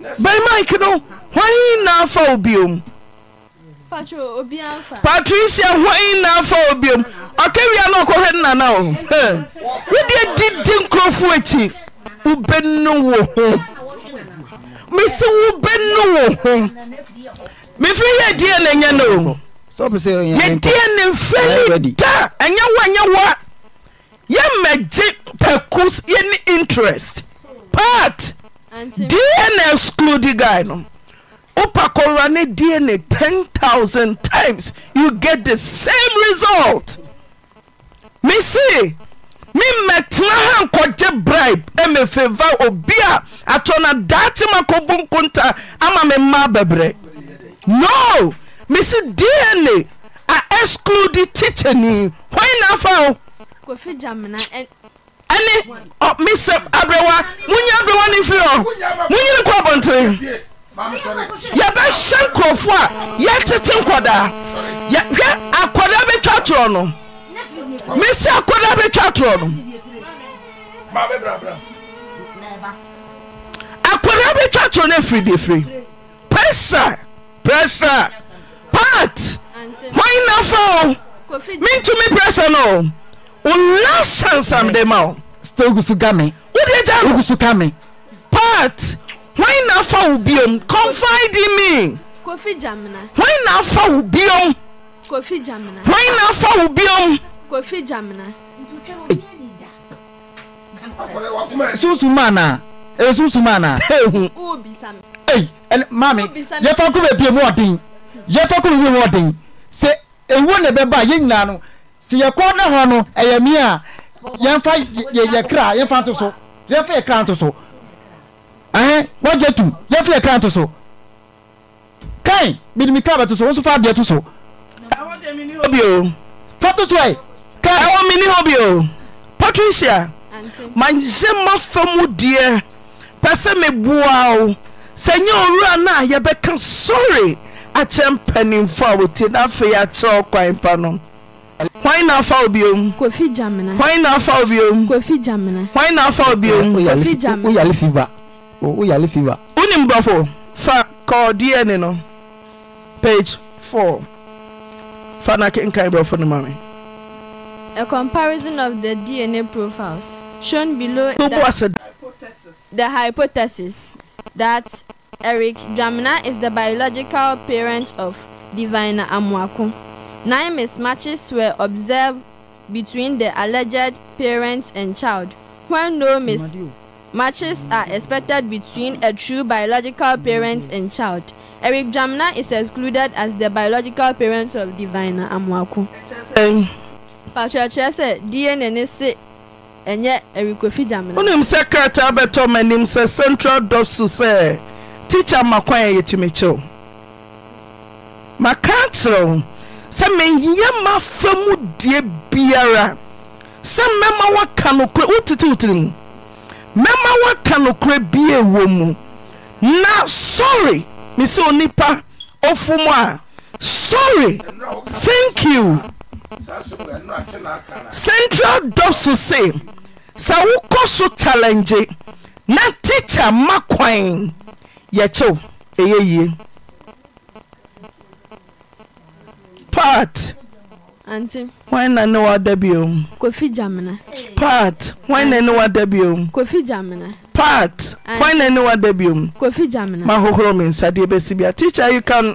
bɛi mike no hwan na afa obiom biom patricia hwan na afa wo biom ɔka wia na ɔkɔhwɛ n nana o wodeɛ didi nkurɔfoɔ akyi wobɛnu wo ho mesi wo bɛnu wo ho mefiri yɛ deɛ na ɛnyɛ no no yɛ deɛ ne mfɛni da ɛnyɛ wo ɛnyɛ wo a yɛmmɛgye pɛko yɛne interest but deɛ na exclude guy no wopa kɔwura ne deɛ ne 10000 times you get the same result mesi memmɛtena ha nkɔgye bribe mefeva obi a atɔ na daakye makɔbu nkonta ama me mma bɛbrɛ no mesi dna a exclude tikyani hwan na afa wo ɛne mesɛ aberɛwa monya aberɛwa ne mfiri ɔ monyine kɔ abɔntere yɛbɛhyɛ nkurɔfoɔ a yɛtete nkɔdaa hwɛ akɔdaa bɛtwa atorɔ no mesɛ akoda bɛtwa torɔ no akoda bɛtwa torɔ no afiri deɛ firi pɛsa pɛsa part hwan na fa o mentumi pɛsa no o last chance am de ma o still gusu ga me wodeɛ gya no gusu ka me part hwan na fa wo biom confide in me hwan na fa wo biom hwan na fa wo biom kofi jamina. sunsun maa na ee eh, sunsun maa na ee hun. ee maami yẹfa kó bẹ bie mu ọdín yẹfa kó bẹ bie mu ọdín se ewu ne bẹ ba yẹn nyinaa no sẹ yẹ kọ́ náà hàn no ẹ̀yẹ mi a yẹn fa yẹ yẹ kra yẹn fa to so yẹn fa yẹ kra to so ẹhẹn wọ́n tu yẹn fa yẹ kra to so kẹ́hìn bìnnìmí kra bẹ to so wọ́n sọ fà bìẹ to so. àwọn tẹ̀mí ni ó so ẹ̀ ka ɛwɔ meni hɔ bio patricia manhyɛ mafa mu deɛ pɛ sɛ meboa wo sɛ nyɛ owura no a yɛbɛka sore akyɛ mpanimfo a wɔtie na afei akyerɛ kwan pa no hwan na afa wo biom hwan na afa wo biom hwan na afa wo biom woyale fiba woyale fiba wonim bɔfo fa kɔɔ dn no page four. fa na kenkan bɔfo no a comparison of the DNA profiles shown below the, the hypothesis that Eric Dramina is the biological parent of Divina Amwaku. Nine mismatches were observed between the alleged parents and child, when no mismatches are expected between a true biological parent and child. Eric Dramina is excluded as the biological parent of Divina Amwaku. Um. pàṣẹ ọ̀kyerẹ́ sẹ dna ní sí ẹ̀nyẹ ẹ̀rìkòfì jàmínà. wọnìm sẹ krataa bẹtọ ọmọ ẹnim sẹ central dọpsu sẹ tíkya makwan ẹ yẹ kyimikyil maka kyerɛw sɛ menyɛ mafa mu deɛ biara sɛ mɛma woaka nokorɛ wotete wo mu mɛma woaka nokorɛ bia wɔ mu na sɔre mesɛ onipa ɔfo mu a sɔre thank you central dosu se sɛ wokɔ so challenge na teacher ma kwan yɛkyew e part yie part hwan na ne wada biom part hwan na ne wada biom part hwan na ne wada biom mahohoro me nsadeɛ bɛsi bia teacher you can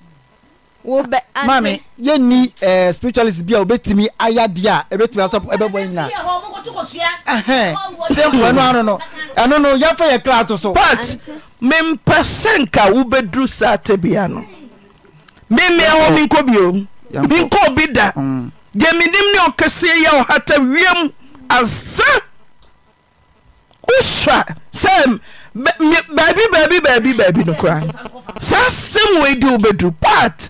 maami yé ni ɛɛ spiritualist bi a o bɛ timi ayadi a e bɛ timi asɔpɔ ɛ bɛ bɔ yen na sɛnpu ɛnu anu no ɛnu no yafa yɛ kila to so. but mi n pɛ sɛnka wo bɛ duru saa tebea no mi mi ɛwɔ mi nko bi o mi nko bi da jɛmi nim ni ɔkɛseɛ yɛ ɔhata wiem asa usra sɛm baabi baabi baabi baabi no kora saa sɛm wo edi wo bɛ duru part.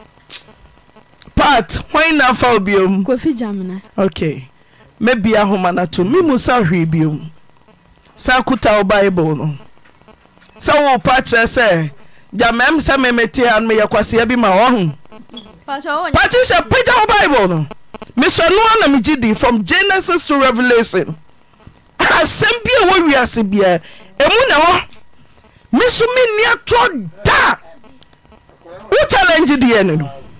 pat hwan na afaw biom ok mɛbia homanatom memu sa hwee biom sa kota wo bible no sɛ woepa kyerɛ sɛ gya mam sɛ memete a no meyɛ kwaseɛ bi ma wɔho pakye hyɛ pagya wo bible no mesɛ no ana megye di from genesis to revelation asɛm bi a wɔwiase biaa ɛmu na wɔ me so mennia torɔ daa wo challenge deɛ ne no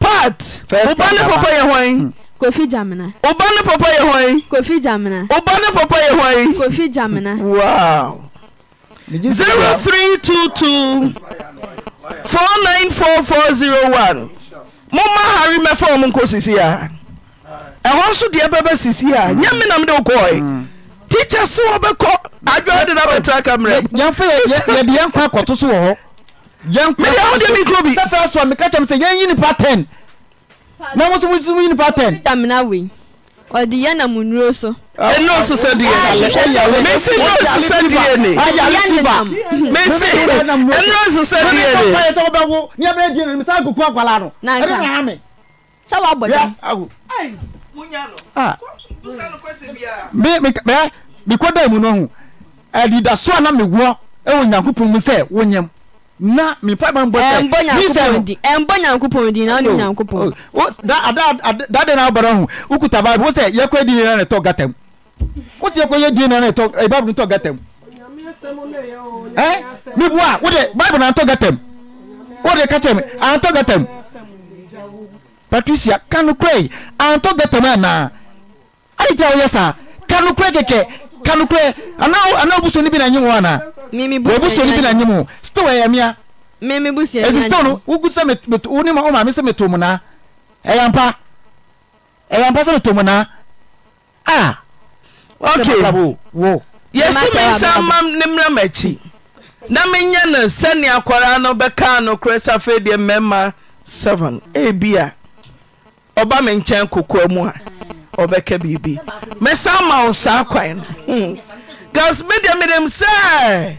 pat woba ne pɔpɔ yɛ kofi jamina. ọba ní pọpọ yẹ kofi jamina. ọba ní pọpọ yẹ kofi jamina. wow. zero three two two four nine sisi ya. nso sisi ya. nye mi nam de o kọ́ ẹ̀. tíjà wọn bẹ fsameka am sɛ yɛyinipa 0 nmsynpa0meko da mu nohu adidasoana mewɔ wɛ nyankopɔn mu sɛ woyam na mi mipa ma mbɔ sɛ nisɛn ɛnbɔ nyankopɔn di na ɔni O, oh, oh, da ada dade na abara ho ukuta baabi wosɛ yɛkɔ edi na ne tɔ gata mu wosɛ yɛkɔ yɛ di na ne tɔ ebaabu eh, ne tɔ gata mu. ɛ mi bu a wo de baabu na ntɔ gata mu wo de kakyɛ mi a ntɔ gata mu patricia kanu kure a ntɔ gata mu ɛna ayi ti a wɔyɛ sa kanu kure ka nokorɛ anaa busoni bi na nye wo anaa wobusoni bi na nye mo still ɛyɛ mea ɛti still no wogu sɛ wonim woma me sɛ metom naa ɛyɛ mpa ɛyɛ mpa sɛ metom naa a ok wo yɛsɛ mensa ma ne mmra m'akyi na menya na sani akwaraa no bɛkaa nokorɛ sɛ afei deɛ mmarima 7 ebia ɔba me nkyɛn kokoa mu a ɔbɛka biribi mɛsa ma wo saa kwan no hmm. gas medeɛ medem sɛ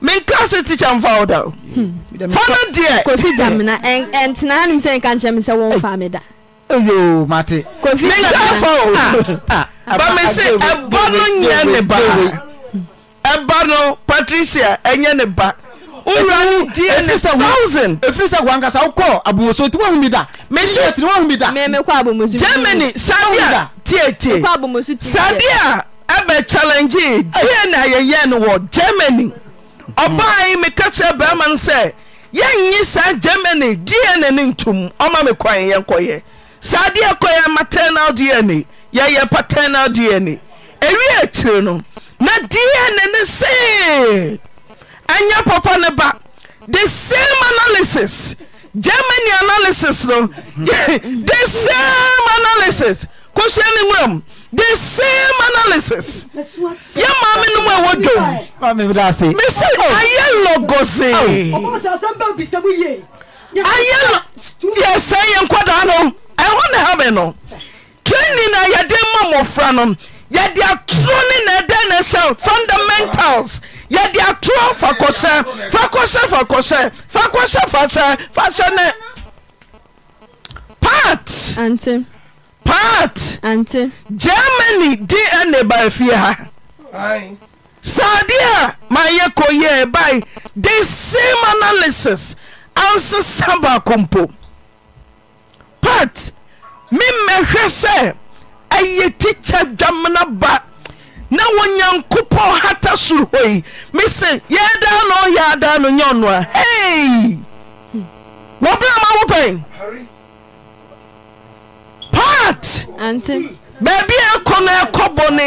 menka se tikya mfa wo da fa no deɛ kofi damina ɛntena ha nim sɛ nka nkyɛ me sɛ fa me da yo mate kofi menka fa wo ba me se ɛba ah. no nyɛ ne ba ɛba no patricia ɛnyɛ ne ba fskswo abmsodmdsaa deɛa ɛbɛ challengee dn ayɛnyɛne wɔ germany ɔbai meka kyerɛ baima no sɛ yɛnye saa germany dne ne ntom ɔma mekwae yɛnkɔyɛ saa deɛ kɔ yɛ maternal dne yɛyɛ patarnal dn awiɛ akyirɛ no na dn ne see ɛnyɛ papa ne ba the same analysis germany analysis no the same analysis kòsíẹ́ ni wúrọ̀m the same analysis yẹ maa mi oh. oh. ni mo ẹwọ jom mi sẹ ayé lọgọsẹ ayé lọ yẹ sẹ yẹ nkwadaa no ẹhọ na ẹhọ mi no training na yẹ de mọ mọfra no yẹ de aturo ni na ẹdẹ na ẹhyẹ fundamentals. yɛde atoɔ fa kɔsfɔɔsfɔsfsɛnɛ partpart germany d anebaafie ha sadeɛ a mayɛ kɔyɛ bai he same analysis ansesa bakɔmpo part memɛhwɛ sɛ ayɛ tikya dwamena ba na wonyankopɔn hata soro hɔ yi mese yɛdaa no yɛadaa no nyɛ ɔno a hei wɔberɛ ma wo pɛn part baabi a ɛkɔ no ɛkɔ bɔne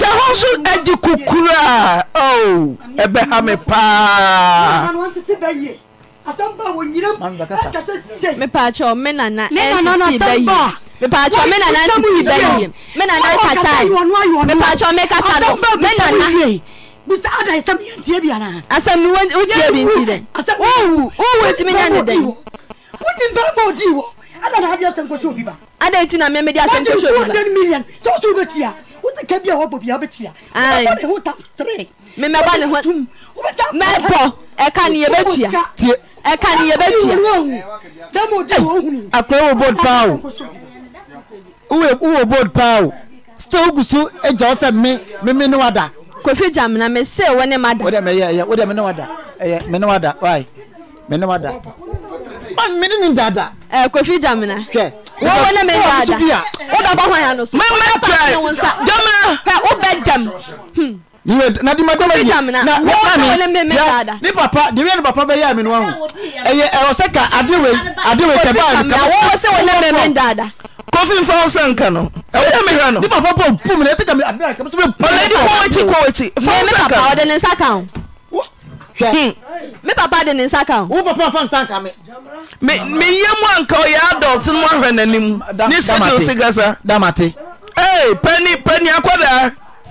sɛ hɔ nso agye kokuro a o ɛbɛha me paa asamba wo nyinam akasa se. mepaatsɔ me nana ɛtiti bɛ yi mepaatsɔ me nana ɛtiti bɛ yi me nana kasa yi mepaatsɔ me kasa dɔ me nana. bisa ada asam yɛn tie bi ana. asam wo tie bi nti dɛ. owu owu etimi nya ne dɛ. wúni bá mọ̀ di wọ ada na adi asam kɔsi obi ba. ada eti na mɛmɛ di asam kɔsi obi ba. wọ́n ti two hundred million sọ́ọ́sì wo bɛ tia wọ́n ti kẹ́ bí ẹ̀ wọ́n bọ̀ bí a wọ́n bɛ tia. ayi wọ́n bá ne ho ta three mímẹ́bá e ni hún mẹ́bọ̀ ẹ̀ka ni yẹbẹ tia ẹ̀ka ni yẹbẹ tia. akọ̀wé wo bọ́ọ̀dù pa o wo bọ́ọ̀dù pa o still gu so ẹja e ọsẹ mi mímí ni wà dà. kofi jamina mi se wo ni ma da. o de mi yẹ ẹyẹ o de mi ni wa da ẹyẹ e, mi ni wa da wáyé mi ni wa da ọ mi ni ni dada. ẹ kofi jamina. hwẹ wọ́n wọ́n ní mi ní dada. o dàbọ̀ hàn yà lọ. mẹ́mẹ́ tẹ̀ jọ́mọ́. o bẹ dẹ̀m. Hmm. cofi fa sanka no eh, wmenepapa ameyɛ hmm. mu anka oyɛ adalte no m ahrɛ nanimne sɛdeosigase damat paniakd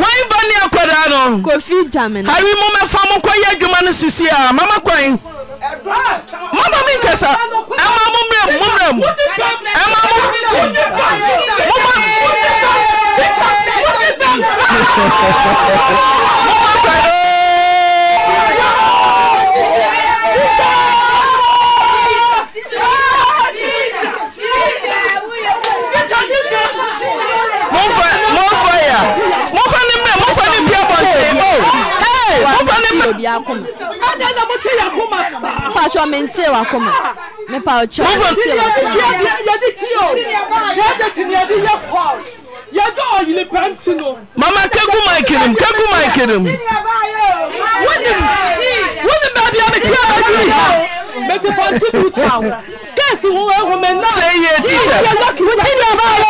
wɔn ba ne akwadaa no kofi jamina hari mu mɛfa mu kɔ yɛ adwuma no sisi a mama kwan mama mi nkasa ɛma mu mmerɛ mu mmerɛ mu ɛma mu mu ma. obi akoma. Ada na mo te yakoma saa. mi ntie wakoma. Mpa atwa mi ntie wakoma. Yadi o. Yadi ni yadi yɛ pɔs. Yadi ɔyili pɛnti no. Mama kegu maiki nim kegu maiki nim. Wuni wuni baabi a mi ti a bɛ duri ha. Mɛ ti fɔ ta o. Kẹ́sì wo ehun mi náà. Sẹ́yìn ẹ̀ tíjà. Tíjà bá yẹ.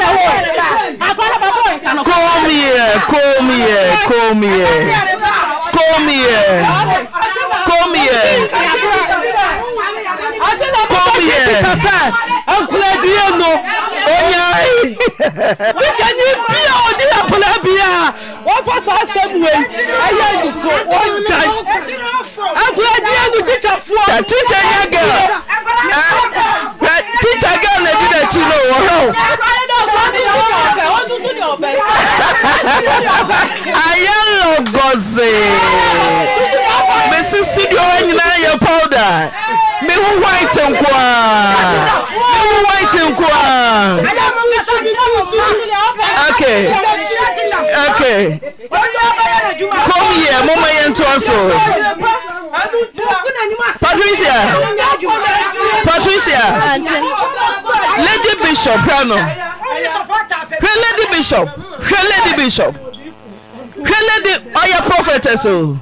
on the wall. Come here, come here, come here. Come here. Come here. Come here. Ankle die no. Onya. Teacher ni bia odi ankle bia. Wọ́n fọ́ sá sẹ́mu wẹ̀ ayé ẹ̀dùfọ̀ wọ́n jà ankle die no teacher fún ọ. Teacher yẹ gẹ̀. Teacher gẹ̀ ọ̀nà ẹ̀dínlẹ̀ ẹ̀kí ló wọ̀ hàn ayé lọgọzi bẹsí sídìí ọwọ nyinaa yẹ powder me who white and qua. Me who white and qua. Okay. Okay. Come here, Mama So Patricia. Patricia. Lady Bishop, Prano. Her Lady Bishop. Her Lady Bishop. Her Lady. Oh, your prophetess. Oh.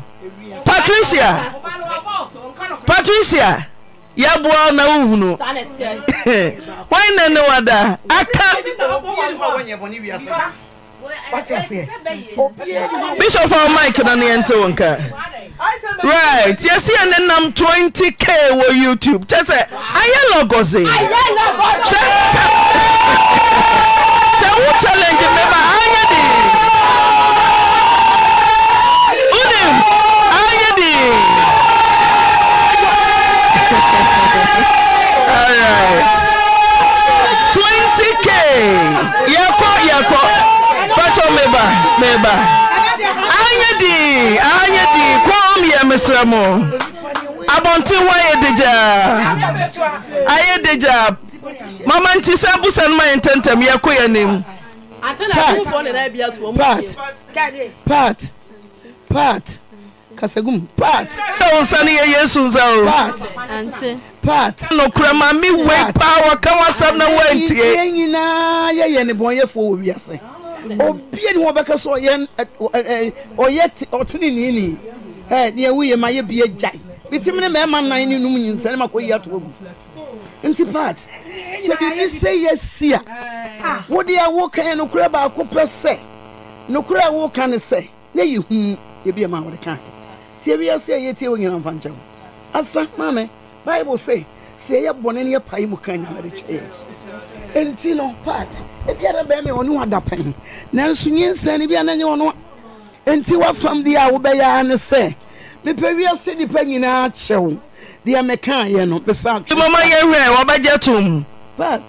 Patricia. Patricia yɛboa na wohunu wɔn na ne wada aka bishop a mike no ne yɛnte wo nka right yɛsi yɛ ne nam 20k wɔ youtube kyɛ sɛ ayɛ lɔgɔse sɛ wo challenge mɛba meba anya di anya di kwam yɛ mesrɛ mo abɔnten wa ayɛ degya ayɛ mama nti sɛ abusa ma yɛ ntɛntɛm ko yɛ nim part part part kasagum part da wo nsa no yɛ yesu nsa o part part No ma mami wei paa wɔka wasɛm na woantie nyinaa yɛyɛ ne bɔnyɛfoɔ wɔ wiase obiara eh, eh, ni wọn bɛka so ɔyɛ ɔyɛ ɔtene niini ɛɛ eh, ni ewu yɛ ma yɛ bie gya bitimi ne mɛɛma nan ne num nyinsa ne ma kɔ yi ato agu nti paati sɛ bibi sɛ yɛ si a wodi a woka nukura baako pɛ sɛ nukura a woka ne sɛ ne yi hum ebi ɛma wɔde kan tie bi ase a yɛ tie wɔ nyinaa nfa nkyɛn asa maame baibu sɛ sɛ yɛ bɔnɛ ne yɛ paa yi mu kan nyamɛ de kyɛ yɛ nti no part ebi ara bɛn mi ɔno ada nanso nye nsɛn ni bi a ɔno nti wafam di a wobɛyɛ ne sɛ mepɛ wiase nipa nyinaa kyɛw deɛ mɛka yɛ no bɛsa atwi. mama yɛ wɛ wɔbɛgye tom. part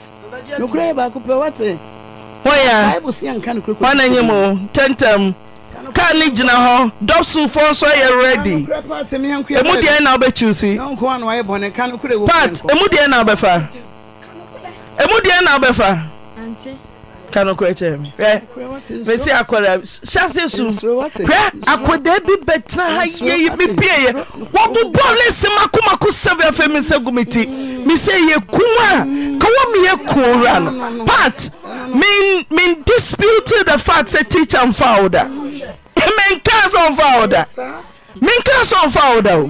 nukura yɛ baako pɛ wate. wɔyɛ baibu si yɛn ka kaa ne gyina hɔ dɔbsonfoɔ nso yɛ rɛdi emu deɛ na wobɛkyiw si part emu deɛ na wobɛfa emu deɛ na abɛfa kanokora kyerɛ me hwɛ mesi akɔda hyɛse sum hwɛ akɔda bi bɛtena ha yɛyi mepieɛ wɔbobɔ ne sɛm akomako sɛbe afei me sɛ gu me ti mesɛ yɛkum a ka wɔ meyɛ ku no but mendispute the fact sɛ teacher mfa wo da menkaa sɛ ɔmfa wo da menkaa sɛ ɔmfa wo da o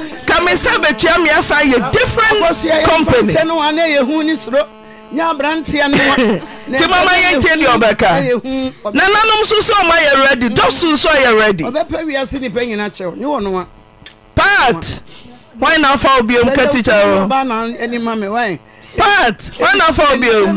kàmi sẹ bẹ̀tìyà mi asa yẹ different company. ọkọ sọ yẹ fọ ní ehun ní soro nyɛ aberanteɛ no nti mama yɛntie deɛ ɔbɛka nananom so so ɔma yɛ ready dɔso so ɔyɛ ready ɔbɛpɛ wiase nipa nyina kyɛw ne wɔ no a part wan na afa wo biom ka tikya wɔ part wan na afa wo biom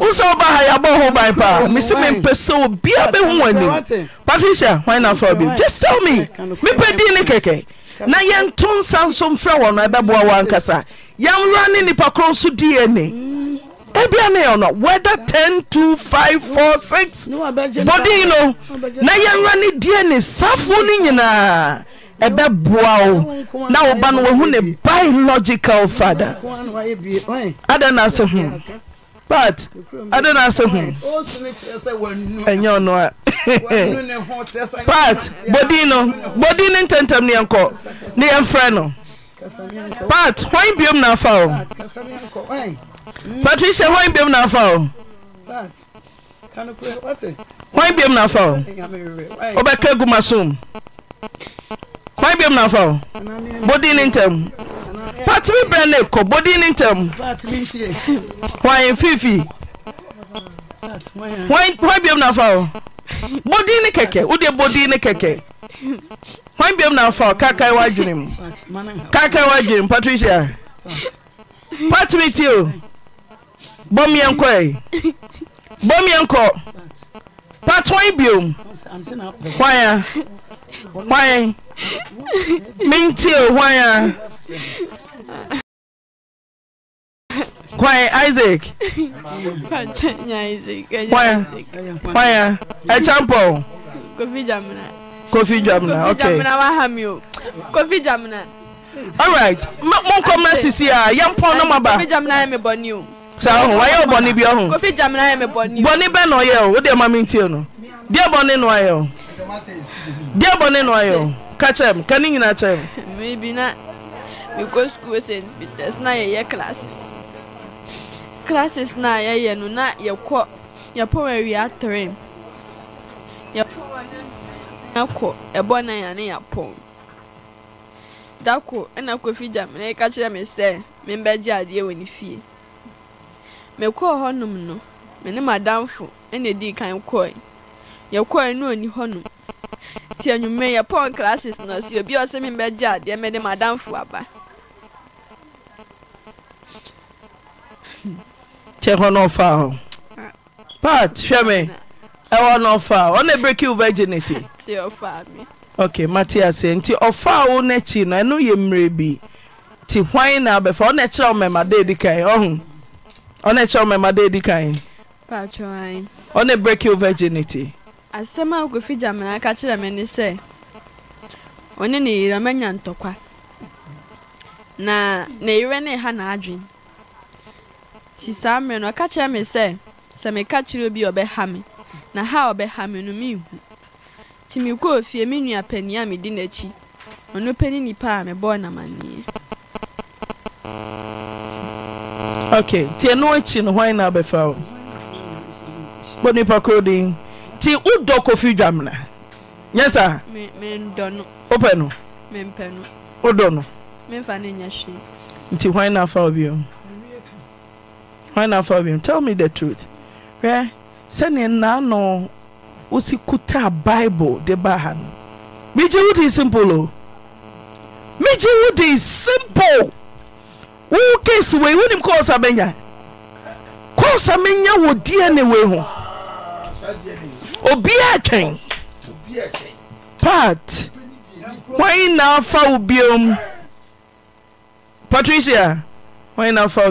wo sɛ woba ha yɛabɔ ho ban paa mese mempɛ sɛ obia bɛhu w'anim patricia wan na afa wo biom just tell me Mi mepɛ din ne kɛkɛ na yɛnto nsa nso mfrɛ wɔ no ɛbɛboa wɔ ankasa yɛmwura ne nnipa korɔ nso dna mm. Ebi ne yɛ no ten two five four six bɔde no na yɛnwura ne dna safo no nyinaa ɛbɛboa wo na wo ba no wahu ne biological father ada na ase ho but ada na ase ho ɛnyɛ ɔno a pat bodin no bodin no ntɛmtɛm ne yɛnkɔ ne yɛmfrɛ no pat hwan biom na afa o patricia hwan biom na afa o hwan biom na afa o wobɛka gu ma som hwan biom na afa o bodin no ntɛm pat me brɛ ne kɔ bodin no ntɛm hwan fifi hwan biom na afa o bodin ne kɛkɛ wode bodin ne kɛkɛ hwan biom na afa o kakae w'adwene mu kakae w'adwene mu patricia pat me ti o bɔ meɛ nkɔ ɛ bɔ meɛ nkɔ pat hwan biom hwan a ah? hwan mentie o hwan kwan isaac kwan kwan ẹchampọ. Eh, Coffee jamina. Coffee jamina ok kofi jamina wa ha mi o kofi jamina. alright mo nkọ mmerẹ sisi a yẹn pọn náà ma ba. kofi jamina I'm a bọ So o. sa ọhún wàá yẹ bọ ni bi ọhún. kofi jamina yẹn mi bọ ni o. bọ you? bẹ́ẹ̀ nà ọ yẹ o o de ẹ ma mi n tiẹ no diẹ bọ ni nù ayẹ o diẹ bọ ni nù ayẹ o kàchẹ mu kàní nyina kyẹ mu. school st peters na yẹ yẹ classes. classes na yɛyɛ no na yɛkɔ yɛpɔ awia three yɛpɔ na ɛbɔ na yɛn yɛpɔ dako ɛna kofi gyamina ɛka kyerɛ me sɛ membɛgye adeɛ wɔ ne fie mekɔɔ hɔnom no me ne madamfo ɛna kan kɔe yɛkɔe no ɔni hɔnom nti yɛpɔn classes no ɔsi obi a membɛgye adeɛ mede madamfo aba kyɛhɔ no ɔfa ho pat hwɛ me ɛwɔ no ɔfa ɔne breki wo virginity ok mateaseɛ nti ɔfaa wo no na no ɛno yɛ bi ti hwan na abɛfa ɔne ɛkyerɛ wo mmɛmada edi kan Ọ ɔne ɛkyerɛ wo mmɛmada edi kan ɔne breki wo virginity asɛm a wokofi gyamana ka kyerɛ me ne sɛ ɔne ne yera manya ntọkwa. na ne yera ne na n'adwene ti saa mmiri no ɔka kyerɛ me sɛ sɛ meka kyerɛ obi ɔbɛha me na ha ɔbɛha me no mehu nti mekɔɔ fie me nua pani a medi n'akyi ɔno pani nipa a mebɔɔ namanneɛ ok nti ɛno akyi no hwan na abɛfa wo bɔ nipa koro din nti wodɔ kofi dwamena nyɛ saa mendɔ no wopɛ no mempɛ no wodɔ no memfa no nyɛ hwee nti hwan na afa wo bio wọn na fa wiem tell me the truth hwɛ sɛnea nnaano wosi kuta bible de bahan. ha no megye simple o megye wo simple wo case wei wonim kɔɔsa bɛnya kɔɔsa menya wɔ dna wei ho obiaa twɛn part wɔn na afa wo patricia why na afa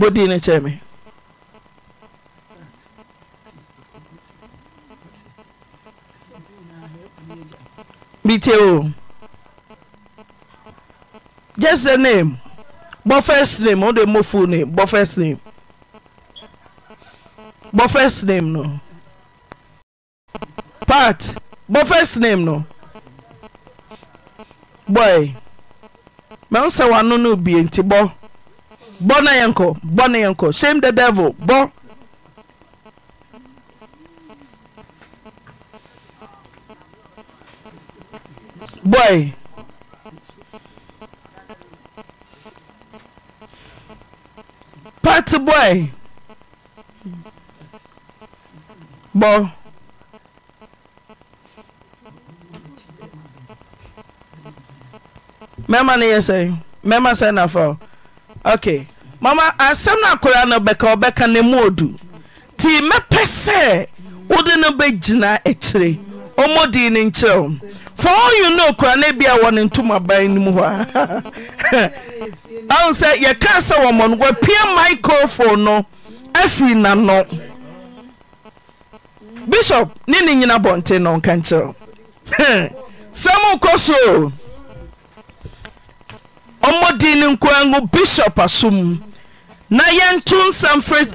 bodi ne kyerɛ me bitie o just the name bɔ first name o de mo full name bɔ first name bɔ first name no part bɔ first name no boy mɛ n sɛ wa no no bie nti bɔ. bɔnayŋkɔ bɔna y kɔ shame the devil bɔ bɔ part bɔi ɔ mema ne yɛ sɛ mɛma sɛŋ na fa ok mama asɛm no akora no bɛka wɔbɛka ne muɔdu nti mɛpɛ sɛ wode no bɛgyina akyire ɔmmɔdii no nkyerɛwo fa ɔyuno okura no bia wɔ ne ntom aban no mu hɔ a ahu sɛ yɛkaa sɛ wɔmmɔ no wɔapia microphone no afiri nano bishop ne ne nyina bɔnte no ɔnka nkyerɛw sɛm kɔ soo ɔmmɔdii ne nkoa ho bishop aso mu na yɛnto nsɛm frɛ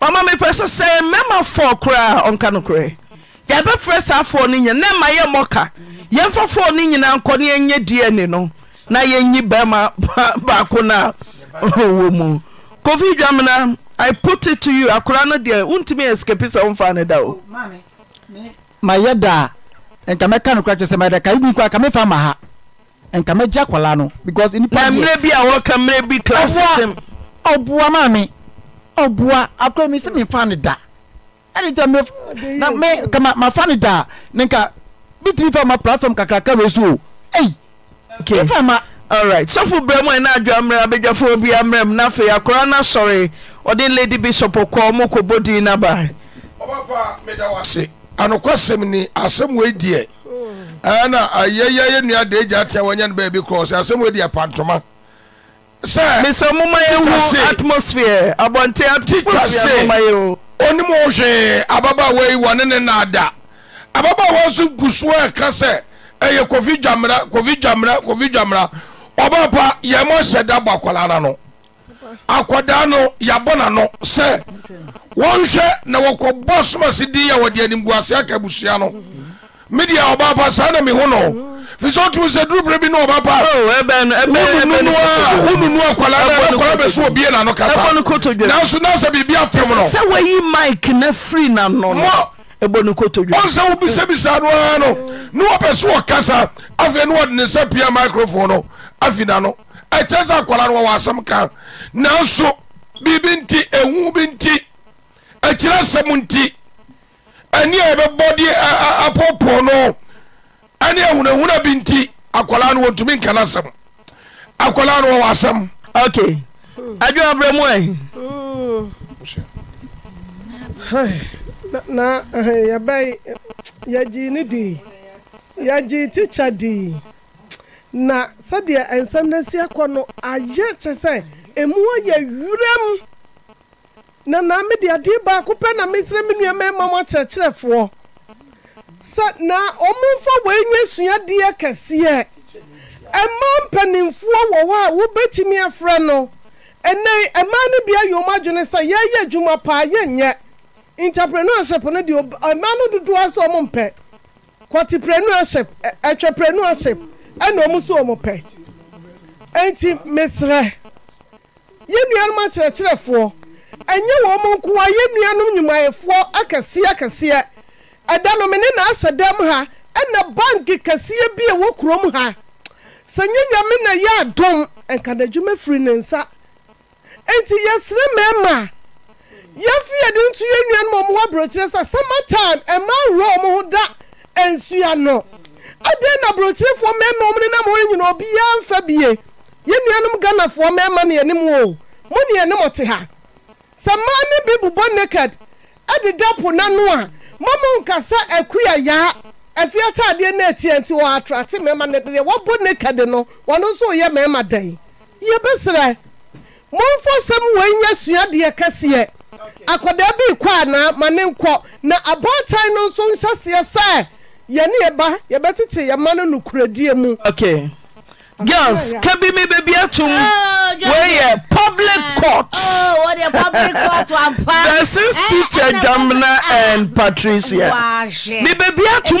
ɔma mepɛ sɛ sɛ mɛma fɔɔ koraa ɔnka nokorɛ yɛbɛfrɛ saa foɔ no nyina na ma yɛ mmɔka yɛmfa foɔ no nyinaa nkɔ ne yɛnyɛ di ani no na yɛnyi bɛima baako na wɔ mu kofi dwamena i put it to you akora no deɛ wontumi yɛ skepi sɛ womfa ne da o mayɛ daa nka mɛka nokora kyerɛ sɛ mayɛ da ka wobi kora ka mefa ma ha nka mɛgye akwadaa no because nipa deɛ na mmerɛ bi a wɔka mmerɛ bi class system ɔboa maame ɔboa akora mi sɛ mi fa ne da ɛni tɛ mɛ na mɛ kama ma fa ne da ne nka bi tiri fa ma platform kakraka wɔ so ɛyi okay ifa ma. alright sɔfo bẹẹ mu ẹna adwa mmerɛ abegyafo bi ammerɛ mu n'afɛ akora n'asɔre ɔde lady bishop kɔ ɔmo kɔ bodi n'aba. ɔbaa pa mi da wa se anokɔ sɛm ni asɛm wo ɛna ayɛyɛ yɛ nua de gya tea wɔnyɛ no baabi kɔɔ sɛ asɛm wɔdi apantoma sɛ mesɛ moma yɛhu atmosphere abɔnte atmosphere moma yɛ onim wo hwee ababaawa yi wɔne ne naada ababaawa nso gu soɔ ɛka sɛ ɛyɛ kofi dwamra kofi dwamra kofi dwamra ɔba pa yɛmɔ hyɛ da bɔ akwadaa na no akwadaa no yɛabɔ na no sɛ wɔnhwɛ na wɔkɔbɔ somasi din yɛ wɔde animguase aka abusua no media ɔba pa saa na meho no firi sɛ wotumi sɛ duruberɛ bi ne ɔba pa wonunu akwala nakwala bɛsɛ obie na no kasananso na sɛ bibi apem no sɛ wayi mike na firi na no no ɔnsɛ wobisabisaa no ara no ne wɔpɛ so ɔkasa afei ne wɔde ne nsa pia microphone no afi na no ɛkyɛ sɛ akwala no wɔwɔ asɛm ka nanso biribi nti ɛhu bi nti akyirɛ nti ɛne a yɛbɛbɔ de apɔpɔ no ɛne ahunahuna bi nti akwalaa no wɔntumi nkana no asɛm akwalaa no wɔwɔ asɛm ok adwuma berɛ mu ɛ na yɛbɛ yɛgyee ne dii yɛgyee tikya di na sɛdeɛ ɛnsɛm no asi akɔ no ayɛ kyɛ sɛ ayɛ na na mi de adeɛ baako pɛ na mesrɛ me nua mɛma mo akyerɛkyerɛfoɔ sɛ na ɔmomfa wɔanya suadeɛ kɛseɛ ɛma mpanimfoɔ wɔ hɔ a wobɛtumi afrɛ no ɛnɛ ɛma no bi ayɛ ɔm adwene sɛ yɛyɛ adwuma paa yɛnyɛ entrepreneurship no deɛ ɛma no dodoɔ sɛ ɔmo mpɛ kɔtepreneurship ɛtwɛpreneurship ɛna ɔmo so ɔmo pɛ enti mesrɛ yɛ nuanom akyerɛkyerɛfoɔ nyɛ wɔn yɛnnnuanom nnwumayɛfoɔ akɛseɛ kɛseɛ ɛda nomene naasɛdam ha e na bank kɛseɛ bia h sɛ yɛyamenaɛ ɔw fi nti yɛserɛ mma yɛmfe yɛde noɛnnuanom ɔmw borokyerɛ sɛ samatan maɔ m ho da nsuano dɛ na borokyerɛfoɔ mmn naryinabia mfabiɛnafoɔen sɛ mmaa ne bi bobɔ naked ɛdeda po n'ano a mama nkasa akuya yaa efi ataadeɛ na etia nti wɔ atrate mmarima ne deɛ wɔbɔ naked no wɔn nso yɛ mmarima dan yɛbɛsrɛ mɔmfo sɛm wɔn nyɛ suadeɛ kɛseɛ akwadaa bi kɔ anaa ma ne nkɔ na abɔntan no nso nhyɛseɛ sɛ yɛne yɛba yɛbɛtete yɛma no nukuradie mu. Okay. girls ka bi mi bebiatom oh, wɔyɛ public courtesins techer damna and patriciamibebia tom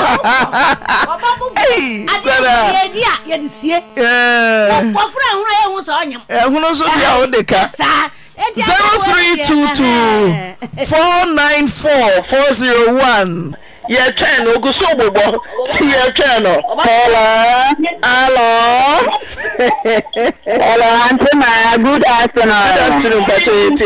ọba so di a de ka zero three two two four nine four four zero one yẹ twẹn no ogu so bọbọ ti yẹ twẹn no. hello hello hello aunty ma good afternoon. good afternoon pàtó yẹ ti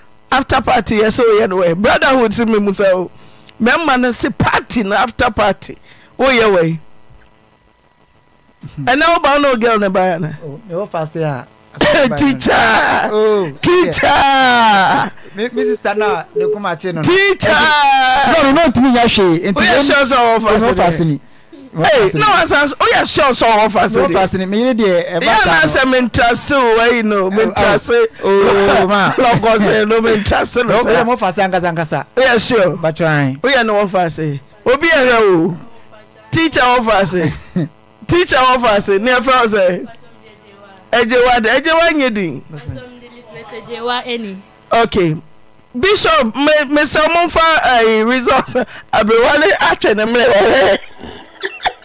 after party yɛ sɛ woyɛ no wɛ eh, brotherhood si me mu sɛ o mɛma no se party no after party woyɛ wɛ ɛnɛ woba wo ne no girl ne baa oh, ah, no teacher oh, teacher yeah. me, me sister na ne kumakye no teacher no no ntumi nya hwee nti woyɛ sure sɛ wɔfa se ni no, na wasan o yɛ sɛ ɔsɔ ɔwɔ fase de fase de meyiri deɛ ɛba saa yɛ n'asɛ mi ntrase o wayi no mi ntrase ooo ma lɔkɔsɛ no mi ntrase no sa o yɛ mo fase ankasa ankasa o yɛ sɛ o batwan o yɛ no wɔ fase obi yɛ hɛ o teacher wɔ fase teacher wɔ fase ne yɛ fɛ ɔsɛ ɛgyewa de ɛgyewa nye din okay bishop mesɛ mo nfa ɛyi eh, results abirwale atwɛ ne mmerɛ wɛrɛ.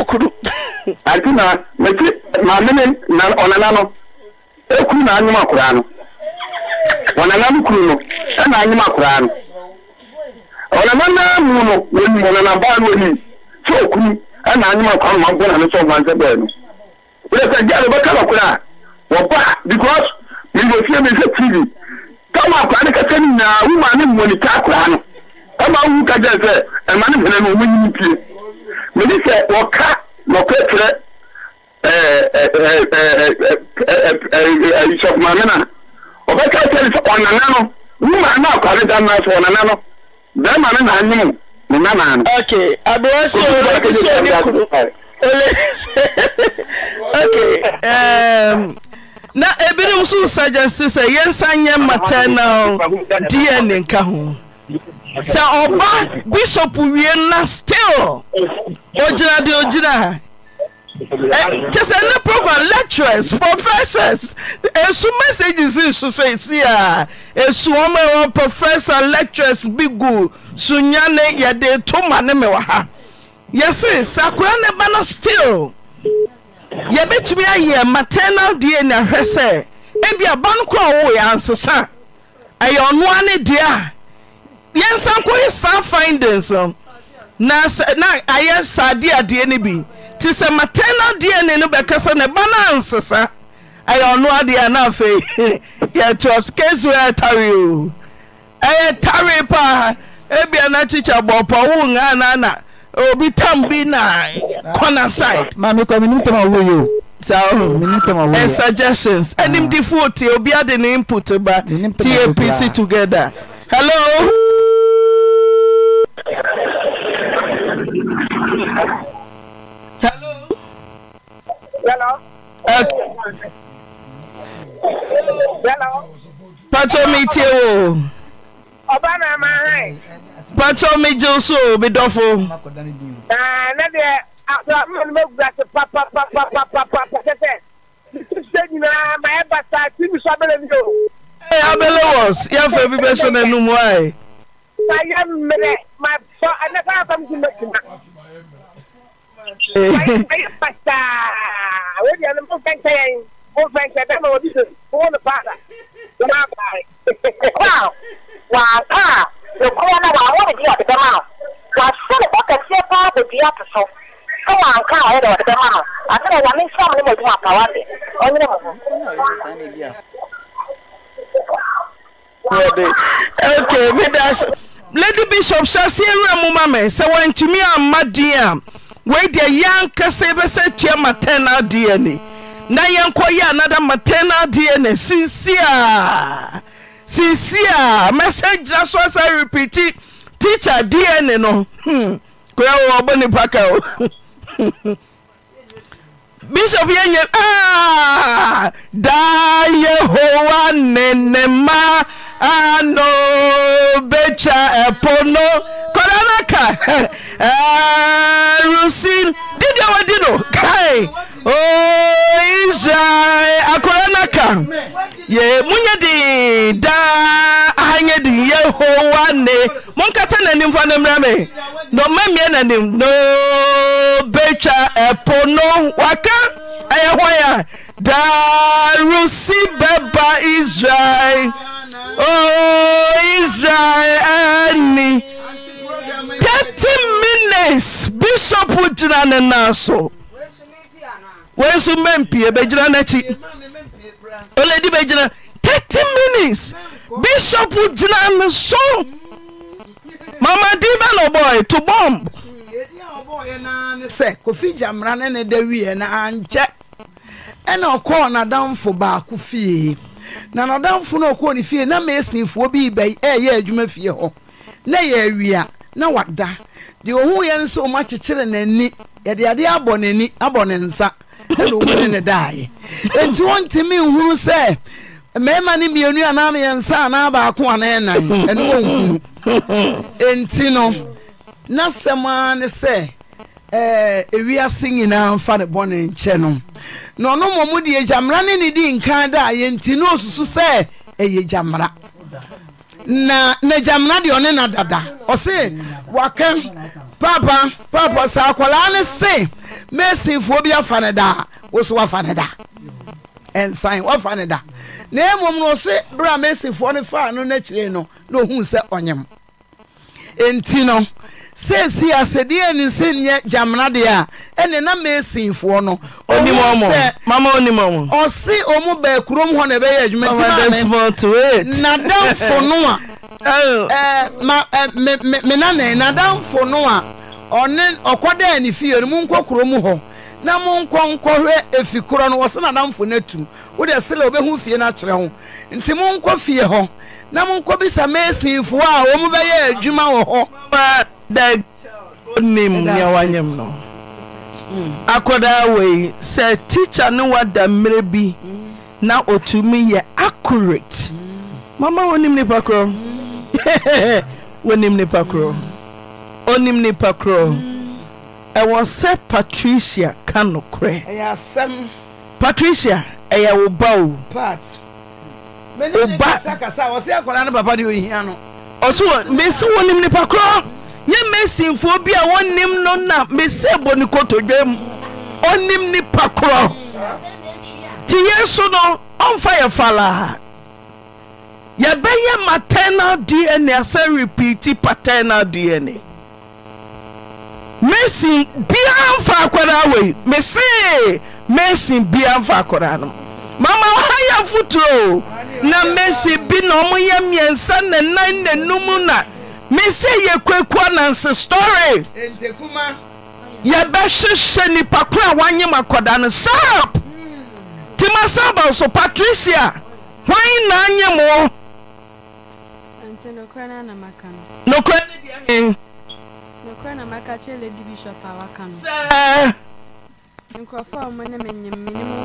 okuru anti na meti ma na ọnana no ekuru na anyụm akwụrụ anụ ọnana kuru no ɛna anyụm anụ na mụ wọnyi ọnana baa okuru ɛna anyụm anụ na n'ụsọ ọgba nsọ bẹẹ no wọlé sẹ gyaadọ bẹ a fie anụ nyinaa wụ ma anụ mede sɛ wɔka nɔkɔ kyerɛ sɔkumame na ɔbɛka kyerɛ sɛ ɔnana no wuma na akware da na so ɔnana no bɛrima no na anyem ne nana no ok abewa sɛ ɔsɛ ne kunu ok na ebinom nso suggest sɛ yɛnsa nyɛ maternal dna nka ho sɛ ɔba bishop wie na still ogyina deɛ ogyina kyɛ eh, sɛ ne program lecturers professors esu messages nso sɛ esi a esu wɔn a wɔn professor lecturers bi gu sunya ne yɛde to ma ne mi wɔ ha yɛsi sakura ne ba no still yɛbɛtumi ayɛ maternal dna ahwɛ sɛ ebi aba no kora wo yɛ ansesa ɛyɛ ɔnoa ne deɛ a yɛn nsa nkɔ yɛ saa findings no na sɛ na ayɛ saa adeɛ adeɛ no bi te sɛ maternal dna no bɛkasa na ɛba no ansesa ɛyɛ ɔno adeɛ a na afei yɛtɔ case wɔ ɛtare o ɛyɛ tare paa ebia na tikya bɔpɔ wo ngaa na na obi tam bi na corner side. maame kɔ mi ni tɛmɛ owó yio. saa ɔhún mm, mi ni tɛmɛ owó yio. and suggestions ɛnimdifo ah. tie obi adi ni input ba tapc together hello. Hello. Hello. Uh, Hello. Pato mi tie wo. Ọba na ma hàn. Pato mi jẹ oṣù mi dọ́fo. Ẹ̀ẹ́dẹ́ deɛ aṣọ àmọ́ ni mo gba ṣe papapapapapa pẹ̀tẹ́tẹ́. Ṣé nyinaa ma ẹ bàtà tí mi sọ abẹ́lẹ́ mi o? Ẹ abẹ́lẹ́ wọ̀s, yẹ́n fẹ́ bíbẹ́ sọ n'ẹnu mu ayé wayɛ mmerɛ mabɔ anapa abam gyumagyuma wayɛ pasaa wodi ano mo fɛnkyɛ yɛn mo fɛnkyɛ dɛ ma obi so mo no paara mo ma baare wow waka nokorɛ no waawo ne bi ɔde bɛma no wahyɛ ne bɔkɛseɛ paa bɛdua to so sɛ wanka a ɔyɛ dɛ ɔde bɛma no ase na nyame nhyɛ Okay, maybe that's. lady bishop syɛ se wera mu ma me sɛ wɔntumi amma den a woide yɛnkasɛ ybɛsɛ tua matanal dn na yɛnkɔ yɛ anada matanal dn sinsia sinsia mɛsɛ gyina so asɛ repeti teachar dn no hmm. kora wowɔ bɔ nipa ka o oh. bishop yenye ah, da yehowa nenema anobecha epono kornaka rusi didiwa dino k oh, isel akornaka y muye di da ɛnyɛ din yɛhoa ne monkata nanimfano mmra mɛ nmamiɛ nanim no betwa ɛpono waka ayɛhɔɛ a daarosi bɛba israel oh, israel ani 30 minuts bisopo gyina ne na so w nso manpie bɛgyina nokyi olɛdi bɛgina 30 minutes bishop gyina ne so mamadi bɛnɔbɔe to bɔmb sɛ kofi gyamra ne ne da wieɛ na ankyɛ ɛna ɔkɔɔ n'adamfo baako fie na n'adamfo no ɔkɔɔ ne fie na mesinfoɔ bi ɛyɛ e adwuma fie hɔ na yɛ awia na wada deɛ yɛ nso n'ani yɛde adeɛ abɔ n'ani abɔ ne nsa ɛna e ne ne daeɛ nti mmarima no mmienu anaa mmiɛnsa anaa baako anaa nan ɛno wɔ nkunu enti no na sɛm ara ne sɛ ɛɛ eh, ewiase nyinaa nfa ne bɔ ne nkyɛ no na ɔno mɔ mu deɛ gyamra ne ne di nkan da a yɛnti na osusu sɛ ɛyɛ gyamra na na gyamra deɛ ɔne na dada ɔse waka papa papa sɛ akwaraa ne se mesinfoɔ bi afa ne da a woso ne da nsan wafa ne da na mmom no se bere a mesifoɔ no faa no n'akyire no na ohun sɛ ɔnyam nti no seesi asɛdeɛ ni se nyɛ gyamena deɛ a ɛne na mesifoɔ no onim ɔmo mama onim ɔmo ɔse ɔmo bɛɛ kurom hɔ na ɛbɛyɛ adwuma ti maame nadamfo no a ɛɛ ma ɛ eh, me me me nanan nadamfo no a ɔne ɔkɔdɛɛ ne fie no mu nkɔ kurom hɔ. na mo nkɔ nkɔ efi korɔ no wɔsɛ n'adamfo n'atum wodeɛ sɛlɛ obehu fie n'akyerɛ ho nti mo nkɔ fie hɔ na mo nkɔ bisa meesinfo a wɔn bɛyɛ adwuma wɔ hɔ. ɔbaa da onim nea wanyam no hmm. akwadaa wei sɛ tikya ne wada mmerɛ bi hmm. na otumi yɛ accurate hmm. mama wɔnim nipa korɔ wɔnim nipa korɔ onim nipa korɔ. ɛwɔ sɛ patricia ka nokorɛ ɛyɛ asɛm patricia ɛyɛ wo ba o pat mɛni kasa kasa ɔsɛ akwadaa ne papa de ohia no ɔso mesi wɔnim nipa korɔ nyɛ mesinfoɔ bi a wɔnim no na mesi ɛbɔ ne kotodwe mu ɔnim nipa korɔ te yɛ so no ɔmfa yɛ falaa yɛbɛyɛ maternal dna sɛ repeat paternal dna mesin biara mfa akwadaa wei mesee mesin biara mfa akwadaa no mama wayɛ foturo oh? na mesin bi na ɔmo yɛ mmiɛnsa na nan na num na mese yɛ kwekua nansi story yɛbɛhyehyɛ nipa koro a wanyem akwadaa no sharp tima saba so patricia wɔn na anyem wɔ. nokora ne deɛ kora na maka kyerɛ lady bishop a no sɛ nkurɔfoɔ a ɔmo ne menyim menyim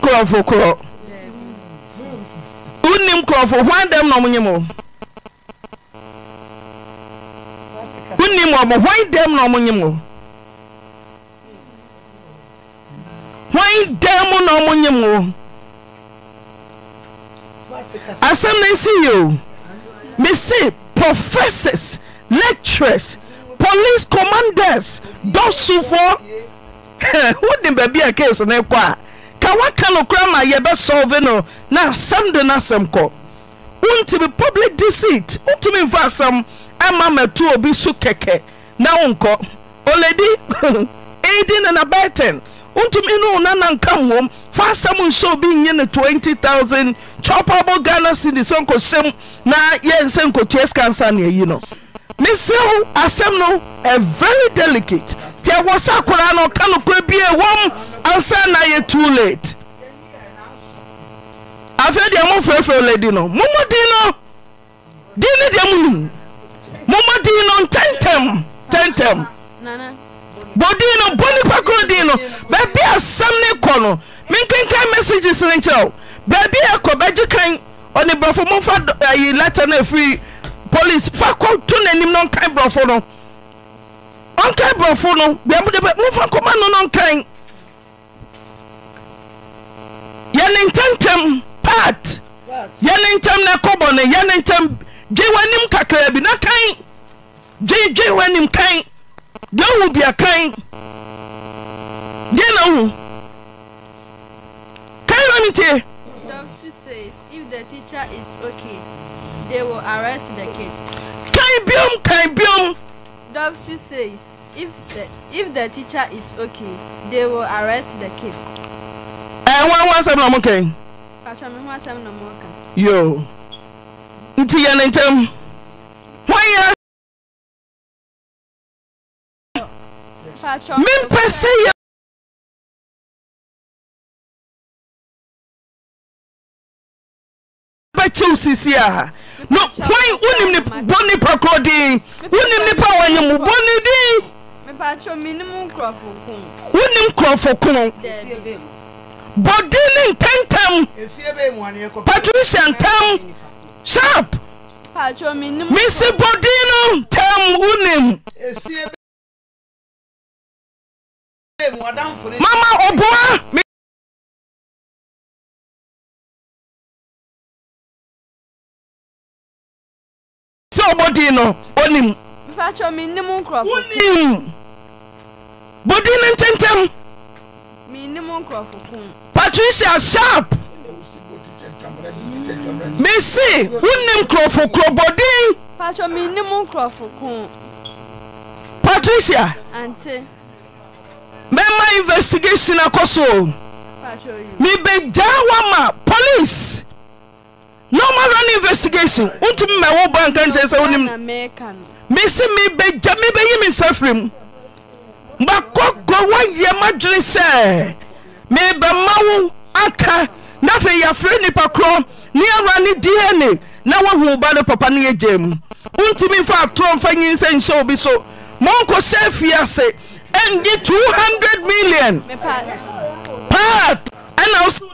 nkurɔfo nkurɔfo korɔ wonim nkurɔfo hwan dɛm na ɔmo nyim ɔmo hwan dɛm na ɔmo nyim hwan dɛm na ɔmo nyim asɛm na nsi yi o mesi professors lecturers police commanders dɔsofoɔ wode baabi a case ne kɔ a ka woaka nokora ma yɛbɛsɔlve no na asɛm de no kɔ wontumi public deceit wontumi mfa asɛm ama matu obi so kɛkɛ na wonkɔ oledi ɛdi ne nabɛɛ 10 wontumi ne wo nana nka mmom fa asɛm nhyɛ obi nyɛ ne 20000 chopable ghana cedi sɛ nkɔhyɛm na yɛnsɛ nkotua sika nsa ne ayi no mesrɛw asɛm no ɛ very delicate nti ɛwɔ sɛ akoraa no ɔka nokora bie wɔm ansa na yɛ too late afei deɛ mofrɛfrɛ ladi no momɔdin no din ne deɛ monim momɔdin no ntɛntɛm tɛntɛm bodin no bɔ nipa koro din no baabi asɛm ne kɔ no menkenkan messages no nkyerɛw baabi ɛkɔ bɛgye kan ɔnebrɔfo momfa ayi lata no afiri police fa kɔto n'anim na borɔfo no ɔnkan borɔfo no bea de bɛ mofa nkɔma no no nkan yɛne ntɛntɛm part yɛne ntɛm na ɛkɔbɔ ne yɛne ntɛm gye w'anim kakra bi na gye gye w'anim kan deɛ owu bia kan deɛ na owu kan na tie. Doctor says if the teacher is okay they will arrest the kid. Can biom, can Dovsu says, if the, if the teacher is okay, they will arrest the kid. Eh, one one seven I'm okay. Pacha, me one seven I'm okay. Yo. Nti ya nentem. Why ya? Pacha. Mim pese ya. Bɛkyew sisi a obonipa krɔdii onim nepa wanye mu bonedi onim kurɔfo k bodine ntɛntam patriciantam shap mesi bodino tam onimmama ɔboa bɔdin no onim wonim bɔdin no ntentam patricia sharp mesi wonim nkurɔfo kurobɔdin patricia mɛma investigation akɔ so mebɛgyaa wama police normal running investigation ntumi ma ɛwɔ bank nkyɛn sɛ wonim mesi mebɛgya mebɛyi me nsa firi mu bakɔkɔ woayɛ m'adwene sɛ mebɛma wo aka na afei yɛafrɛ nnipa korɔ ne awura ne dna na woahu ba ne papa no yɛgya mu wontumi fa atorɔ mfa nyinsɛ nhyɛ obi so monkɔ hyɛ afiase ɛnye 200 million part ɛna wo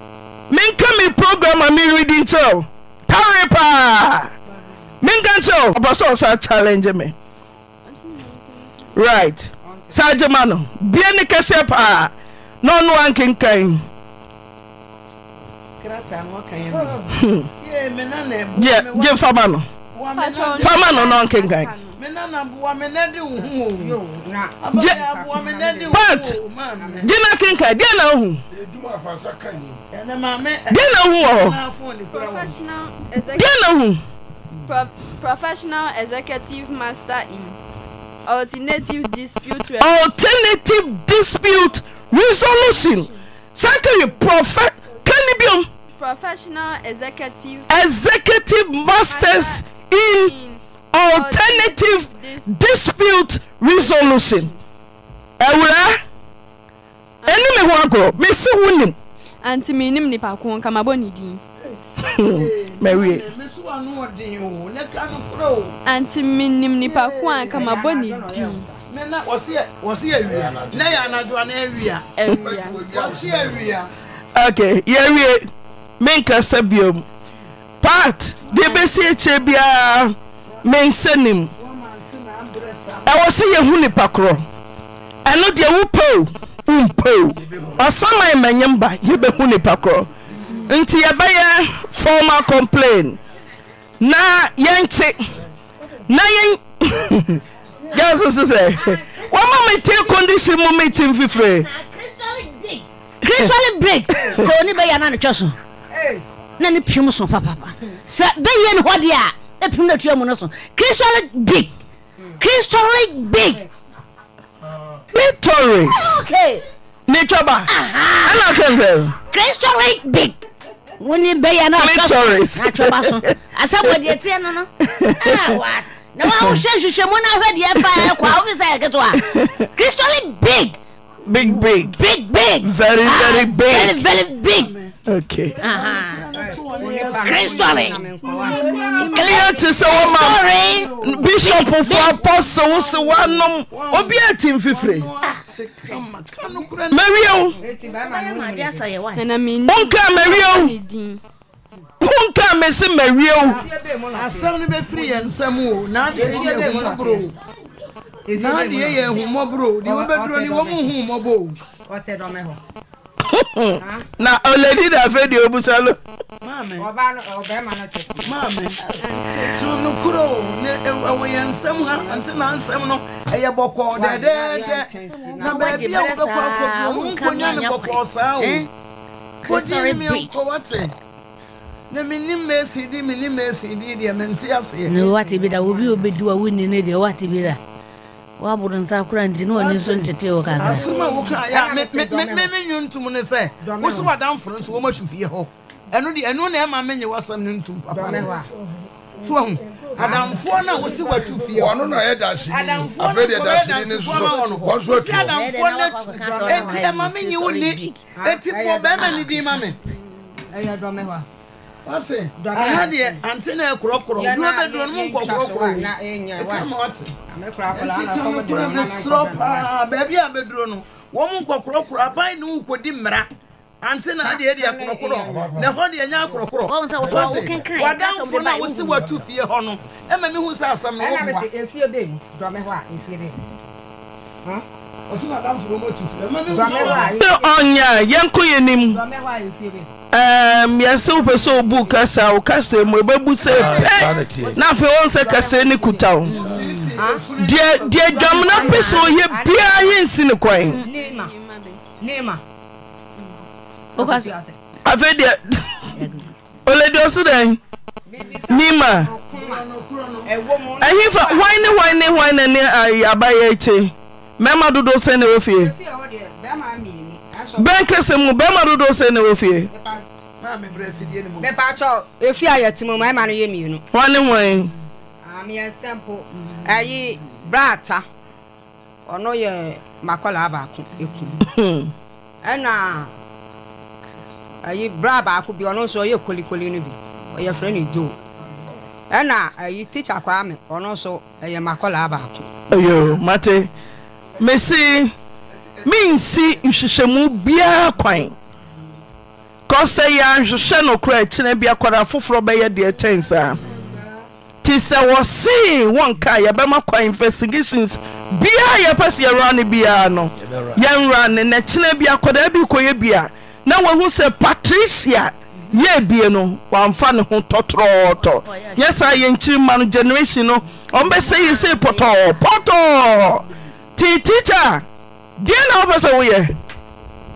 menka me program a me reading kyerɛw tare paa menka kyerɛw ɔpɛ sɛ ɔsa challenge me right saa gye ma no bie ne kɛsɛ paa na ɔno ankenkan gye fama no fama no na ɔnkenkan But, gyina kenka deɛ na ohu deɛ na ohu wɔ hɔ deɛ na ohu eh, professional executive master in alternative dispute resolution. alternative dispute resolution sakiri profe kanibiom. professional executive. executive masters in. in alternative dispute resolution ɛwura ɛnim ehu agorɔ mesi hu nim. anti mi nim nipa ko nka ma bɔ anti mi nim nipa ko nka ma bɔ ne din. mena wɔsi e, wɔsi awia e ne yɛ anadwo e ana awia. awia wɔsi awia. okay yɛwie mi nkasa biom part de besi ekyir biara me nsa nim ɛwɔ sɛ yɛhu nipa korɔ ɛno deɛ wopɛo wompɛo ɔsaman manyem ba yɛbɛhu nipa korɔ nti yɛbɛyɛ formal complain na yɛnkye na yɛn yɛnso so sɛ wɔma mete condition mu metim fifire crystal break sɛ oni bɛyɛ na ne twɛ so na ne pirim so papapa sɛ bɛyɛ ne hɔ deɛ a ɛpim na tua mu no so crystalic big crystalic big victories nitwaba ɛna kɛmfɛm crystalic big wọ́n ní bẹ́yà náà atwaba so asẹ́mu ẹ̀dí ẹ̀tí ẹ̀nu no na wọ́n ahosuo nhwehwẹ́ mu náà ahwẹ́ di ẹ̀fà ẹ̀kọ́ àwọn fi sẹ́ ẹ̀kẹ́tọ́ a crystalic big. Big, big. Big, big. Very, very big. Very, very big. Okay. Crystal. Clear to say woman. Bishop of Apostle so one nom obi atim fifre. Mario. Nana Mario apunta me se mawie o asɛm no bɛfiri yɛ nsɛm o na adeɛ yɛ ahumɔborɔ o na adeɛ yɛ ahumɔborɔ o deɛ wobɛduro ni wɔn hu mmɔbɔ o. na oledi da fɛ de obusa lo. maame maame tu no kuro ne ɛwɔ yɛ nsɛm ha nti na nsɛm no ɛyɛ bɔkɔɔ dɛdɛɛdɛ na baabi a wobɛkɔ akɔkɔ wo nkonnwa ne bɔkɔɔ saa o. Kò mi ò kọ́ wá na mini mmesi di mini mmesi di deɛ mente aseɛ ne wate bi da obi obɛdi wa wonni ne deɛ wate bi da waboro nsa kora nti ne ɔne nso ntete wo kakra asɛm a woka yɛ me me nwu ntom ne sɛ wo so wadamforo hm, nso wɔma hwe fie hɔ ɛno deɛ ɛno na ɛma menye wasɛm no ntom papa so ahu adamfoɔ no a wosi watu fie ɔno na ɛyɛ dasini afei deɛ dasini ne soso wɔn so atu adamfoɔ no atu ɛti ɛma menye wo ni ɛti pɔ bɛrima ne din ma me ɛyɛ dɔmɛ hɔ ɔte aha deɛ ante na ɛkorɔkorɔ duro bɛduro no mu nkɔkorɔkorɔ ɛkama ɔte nti kamekora no sorɔ paa baabi a bɛduro no wɔn mu nkɔkorɔkorɔ aban ne wokɔdi mmara ante na adeɛ di korɔkorɔ na ɛhɔ deɛ nyɛ akorɔkorɔ ɔte wadanfo no a wosi watu fie hɔ no ɛma mehu sɛ asɛm no wɔ boa sɛ ɔnya yɛnkɔ yɛ nim yɛsɛ wopɛ sɛ wobu kasa wo kasa mu ɛbɛbu sɛ ah, pɛ na afei wɔn sɛ kasa ne kuta wo deɛ deɛ dwamena pɛ sɛ ɔyɛ biara yɛnsi ne kwan afei deɛ oledi ɔsi dɛn nima ɛhifa hwan ne hwan ne hwan na ne abayɛ akyi mmarima dodoɔ sɛ na ɛwɔ fie bɛn kese mu bɛrima dodoɔ sɛ na ɛwɔ fie. bɛpakyɛw efi a yɛte mu mmarima no yɛ mmienu. wɔn ne wɔn. mmiɛnsa mpo ayi brata ɔno yɛ makɔla baako eku ɛna ayi bra baako bi ɔno nso ɔyɛ kolikoli no bi ɔyɛ fɛ ne joe ɛna ayi tikya kwame ɔno nso ɛyɛ makola baako. ayo mate mesi nsi nhyehyɛmu biara kwan kɔ sɛ yɛahwehwɛ no kora akyina bi akwadaa foforɔ bɛyɛ deɛ kyɛn saa nti sɛ wɔsee wɔnka yɛbɛma kwa investigations biara yɛpɛ sɛ yɛwura no biara no yɛnwura ne na kyena bi akwadaa bi kɔyɛ bi na wahu sɛ patricia yɛ bie no wamfa ne ho tɔtrɔɔtɔ yɛ saa yɛnkyiri ma no generation no ɔmbɛsɛ yi sɛ pɔtɔɔ pɔtɔɔ ti teacher deɛ na wopɛ sɛ woyɛ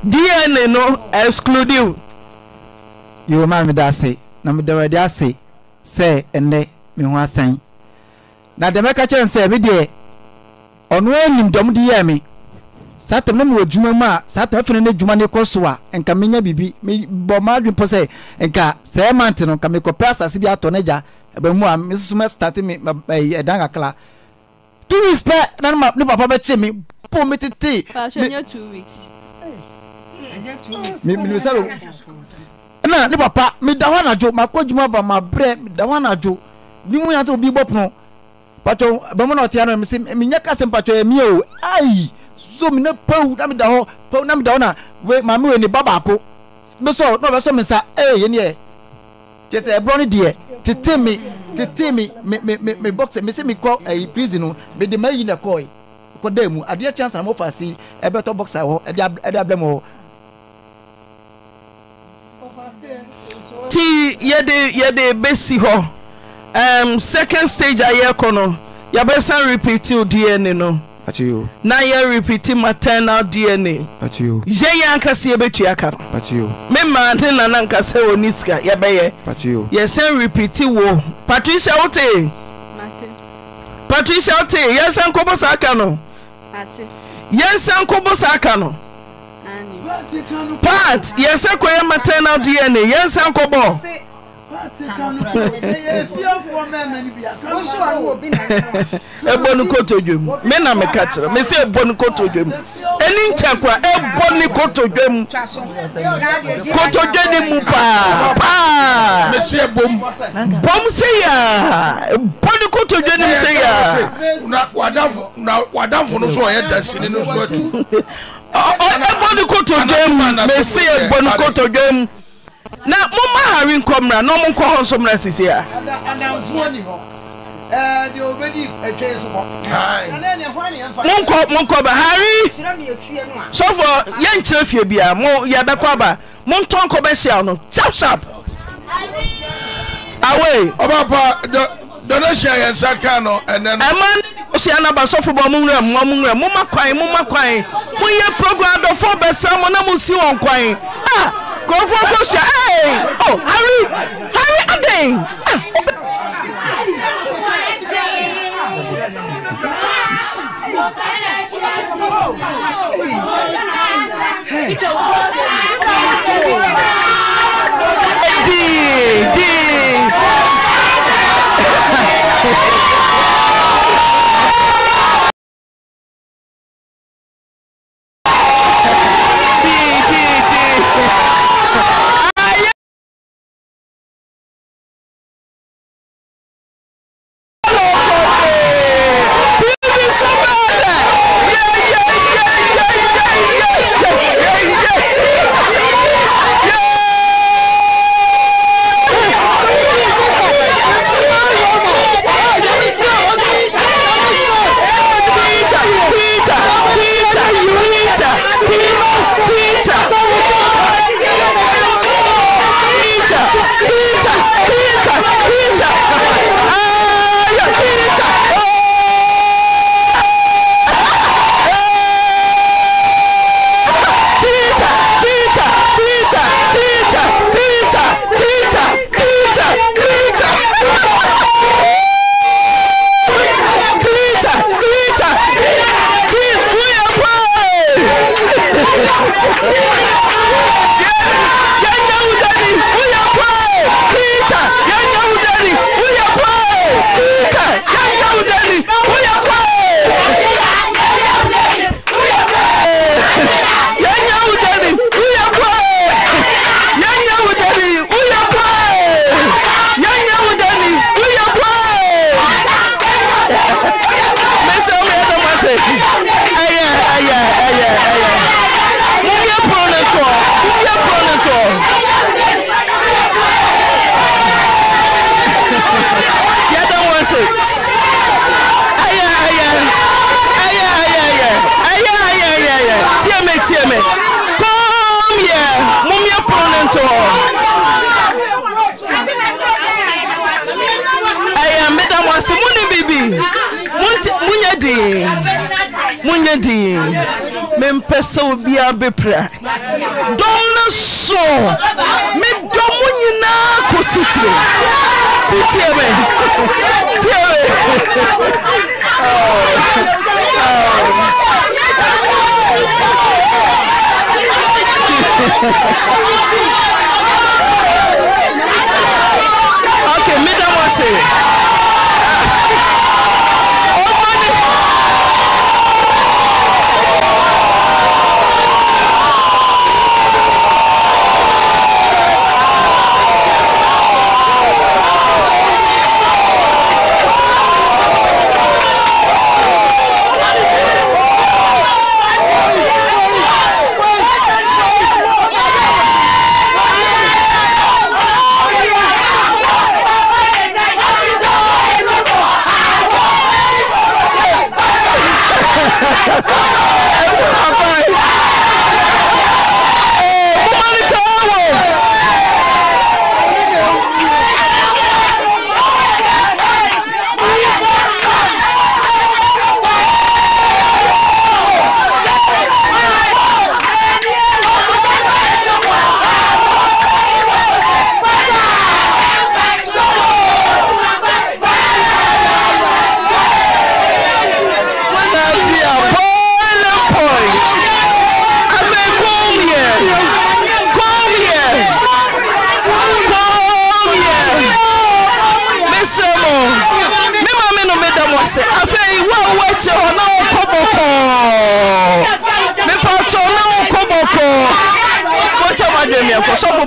dna no excludive yɛwɔ ma meda ase na meda wade ase sɛ ɛnɛ me ho asɛn na dɛm ɛka kyerɛ sɛ me deɛ ɔno anim dɔm de yɛɛ me saa tɛm na mewɔ eh, dwuma mu a saa tɛm afei no dwuma no kɔ so a nka menya biribi mebɔ maadwe mpo sɛ nka sɛɛ mante no nka mekɔpɛ asase bi atɔ no agya ɛbɛmu a mesoso mɛstate me ɛdan kakra two weeks pɛ na ne papa bɛkyerɛ me po me tete na ne papa meda hɔ anadwo makɔ dwuma ba mabrɛ meda hɔ anadwo ne mu ya sɛ obi bɔ pono patwɔ bɛmu na ɔtea no me se menyɛ ka sɛ mpatwɔ ɛmiɛ o ai so mena pau na meda hɔ pau na meda hɔ na we maame wei ne ba baako bɛsɔ na ɔbɛsɔ me nsa ee yɛneɛ kyɛ sɛ ɛborɔ no deɛ tete me tete mi me me me me boxer me se mi kɔ ɛyi prison no me de ma yi na kɔɛ kɔ dɛ mu adeɛ chance na mo fa si ɛbɛtɔ boxer hɔ ɛde ɛde abilɛ mu hɔ. ti yɛde yɛde besi hɔ um, second stage a yɛkɔ no yɛbɛsan repeat o dna no na yɛ repeat maternal dna yɛ yɛ ankasa yɛbɛtua ka no mema ne nana nkasa wɔ ne sika yɛbɛyɛ yɛsɛn repeat wɔ patricia wote patricia wote yɛnsɛ nkɔbɔ saa ka no yɛnsɛ nkɔbɔ saa ka no part yɛsɛ kɔyɛ maternal dna yɛnsɛ nkɔbɔ ɛbɔ no kotodwa mu me na meka kyerɛ me sɛ ɛbɔ no kotodwa mu ɛni nkyɛkora ɛbɔ ne kotodwa mu kotodwa ne mu paa paa bɔm sɛ yɛ a ɛbɔ ne kotodwa ne mu sɛ yɛ a wadamfo no so ɔyɛ dansini no so atu ɛbɔ ne kotodwa mu mesi ɛbɔ ne kotodwa mu na mo ma hari nkɔ mmra na ɔmo nkɔ hɔ nso mmra sisi a. anamfuo ni hɔ ɛɛ eh, deɛ obedi atwa yi so hɔ. mo nkɔ mo nkɔ ba hari sɔfo yɛn nkyerɛ fie bia mo yɛbɛkɔ aba mo ntɔn nkɔ bɛhyia no sharp sharp away. ọba pa donation yẹn nsa kan no ẹnẹ no. ẹ máa ń ṣe anaba sọfọ bọ ọmú nwura mu ọmú nwura mu ma kwan mu ma kwan mu yẹ program dọfọ bẹsẹ mu náà mu si wọn kwan ah kurɔfoɔ kɔ hyia ɛɛ o oh, hari Harry, adan ah Hey.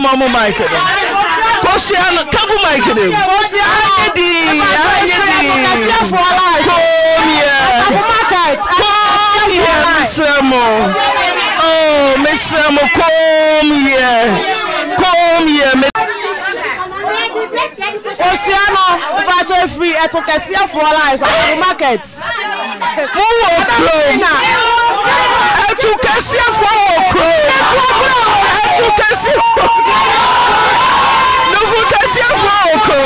ma mo mic dem kosi ano kagu mic dem kosi ano yedi ano yedi come here come here mesremo oh mesremo come here come here. Osiano Obacho Efiri ẹ̀tún kẹ̀sí ẹ̀fọ́ ọ̀la ẹ̀sọ́ àwọn market. Mo wò kúrò ẹ̀tún kẹ̀sí ẹ̀fọ́ wò kúrò. Nufu kɛseɛfo nufu kɛseɛfo oko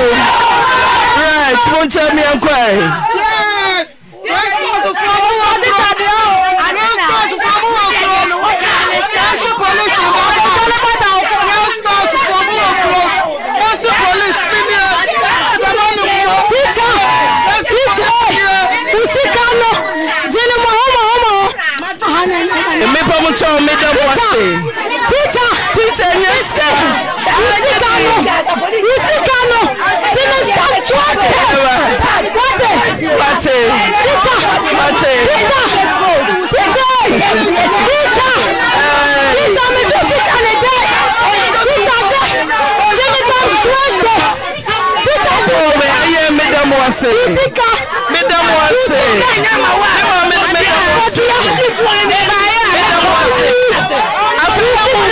right mo nkyɛn mi nkɔ yi. Christmas fún mi wọ́n ti tàbí o. Christmas fún mi wọ́n kúrò. Yẹ́sì polisi mi bá bá. Ṣé lẹ́pàtà òkú? Christmas fún mi wọ́n kúrò. Yẹ́sì polisi mi ni ẹ. Bàbá ni mo. Tíjà tíjà Usikano Jini Mahoma Homo. Mmepọ̀ mu kyɛw mi dẹ́ mu ase. Yussi Yussi Kano Yussi Kano Sinister Twate Twate Twate Peter Twate Peter Peter Peter Peter mi Yussi Kano jẹ Peter jẹ Sinister Twate Peter jẹ. Ọmọ ayé mi dẹ́ mu ọ̀sẹ̀. Yussi Ka mi dẹ́ mu ọ̀sẹ̀. Yussi Ka ẹ̀yà máa wà. Ẹ̀ máa mi dẹ́ mu ọ̀sẹ̀. Ẹ̀ máa yà á. Mi dẹ́ mu ọ̀sẹ̀. Àfikún.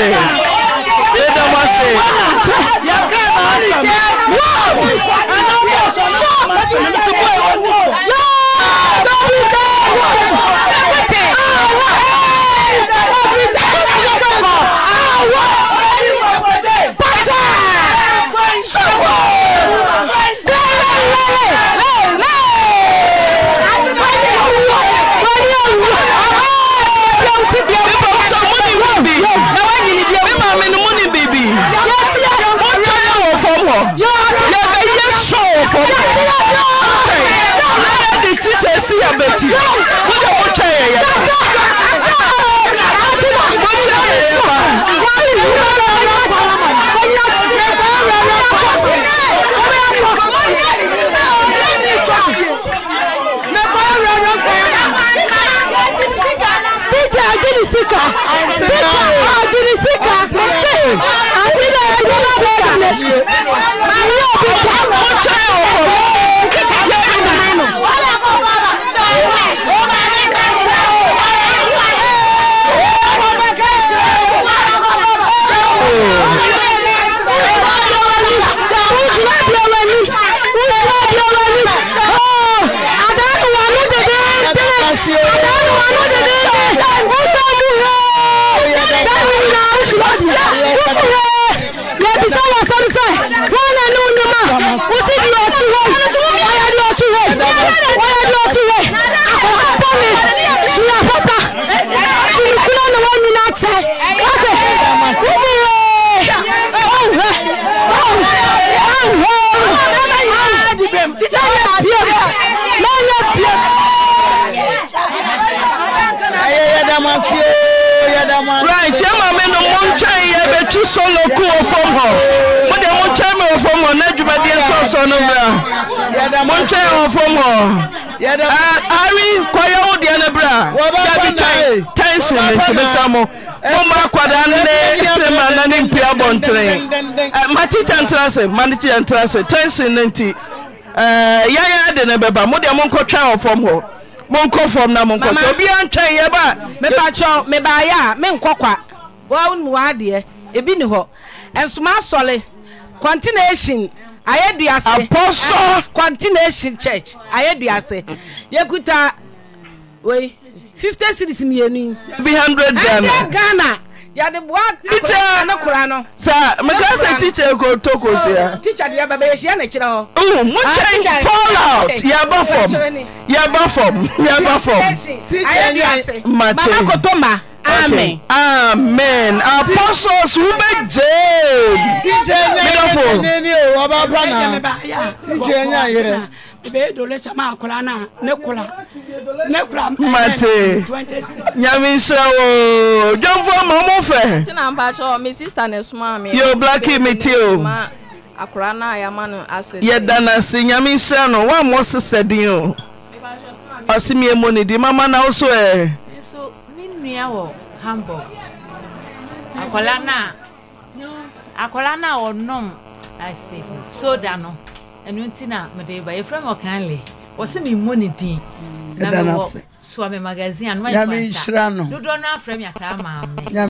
Ele é uma right yẹn maame no mo n twɛn yɛ bɛtu solo ku wɔ fam hɔ mo de mo n twɛn mi wɔ fam hɔ na dwumadie nsɔsɔ no bra mo n twɛn wɔ fam hɔ ari kɔyɛ wo deɛ no bra dabi twɛn tɛnsin ne ntumi sa mo mo ma akwadaa ne pirima na ne mpi abɔntene eh, ma tikya ntena se ma ne tikya ntena se tɛnsin ne nti yaya eh, de ne bɛba mo de mo nkɔ twɛn wɔ hɔ monkɔ fam na monkɔ tɔ obi antwɛn yɛ ba. mepakyɛw mebaayɛ a menkɔ kwa wɔn mu adeɛ ebi ni hɔ nsoma asɔle continuation ayɛ duase apɔsɔ ah, continuation church ayɛ duase Yekuta. wei fifty series mmienu yi. bi hundred ghana hundred ghana yàda bua teacher ne kura no. sa mẹka sẹ teacher ko to ko si ya. teacher deɛ bɛbɛ yɛsi ɛna kyerɛ hɔ. ɔn mu kyerɛ fall out yaba fam yaba fam yaba fam. teacher ni mate mama koto ma. Amen. Amen. Apostles who make jail. Teacher, you know, teacher, you know, teacher, you know, bɛ dole sama akɔla na ne kula ne kula. Eh, mate nyamisira o jɔnfɔ mɔmu fɛ. tina n bàtɔ mi sista ne suma mi. yoo blaki mi ti o. akɔla na yama no ase. yɛ si nyamisira no wa mɔ sisa din o. ɔsi mi emo ni di mama na o so ɛ. nso mi nua wɔ hamburg akɔla na akɔla na ɔnɔm ase soda no ɛno nti na mede ba yɛfrɛ me ɔkanle wɔse memmɔ ne din na mewɔ soa me magazine a nomanyɛnhyira no dodoɔ no afrɛ me ataa maa me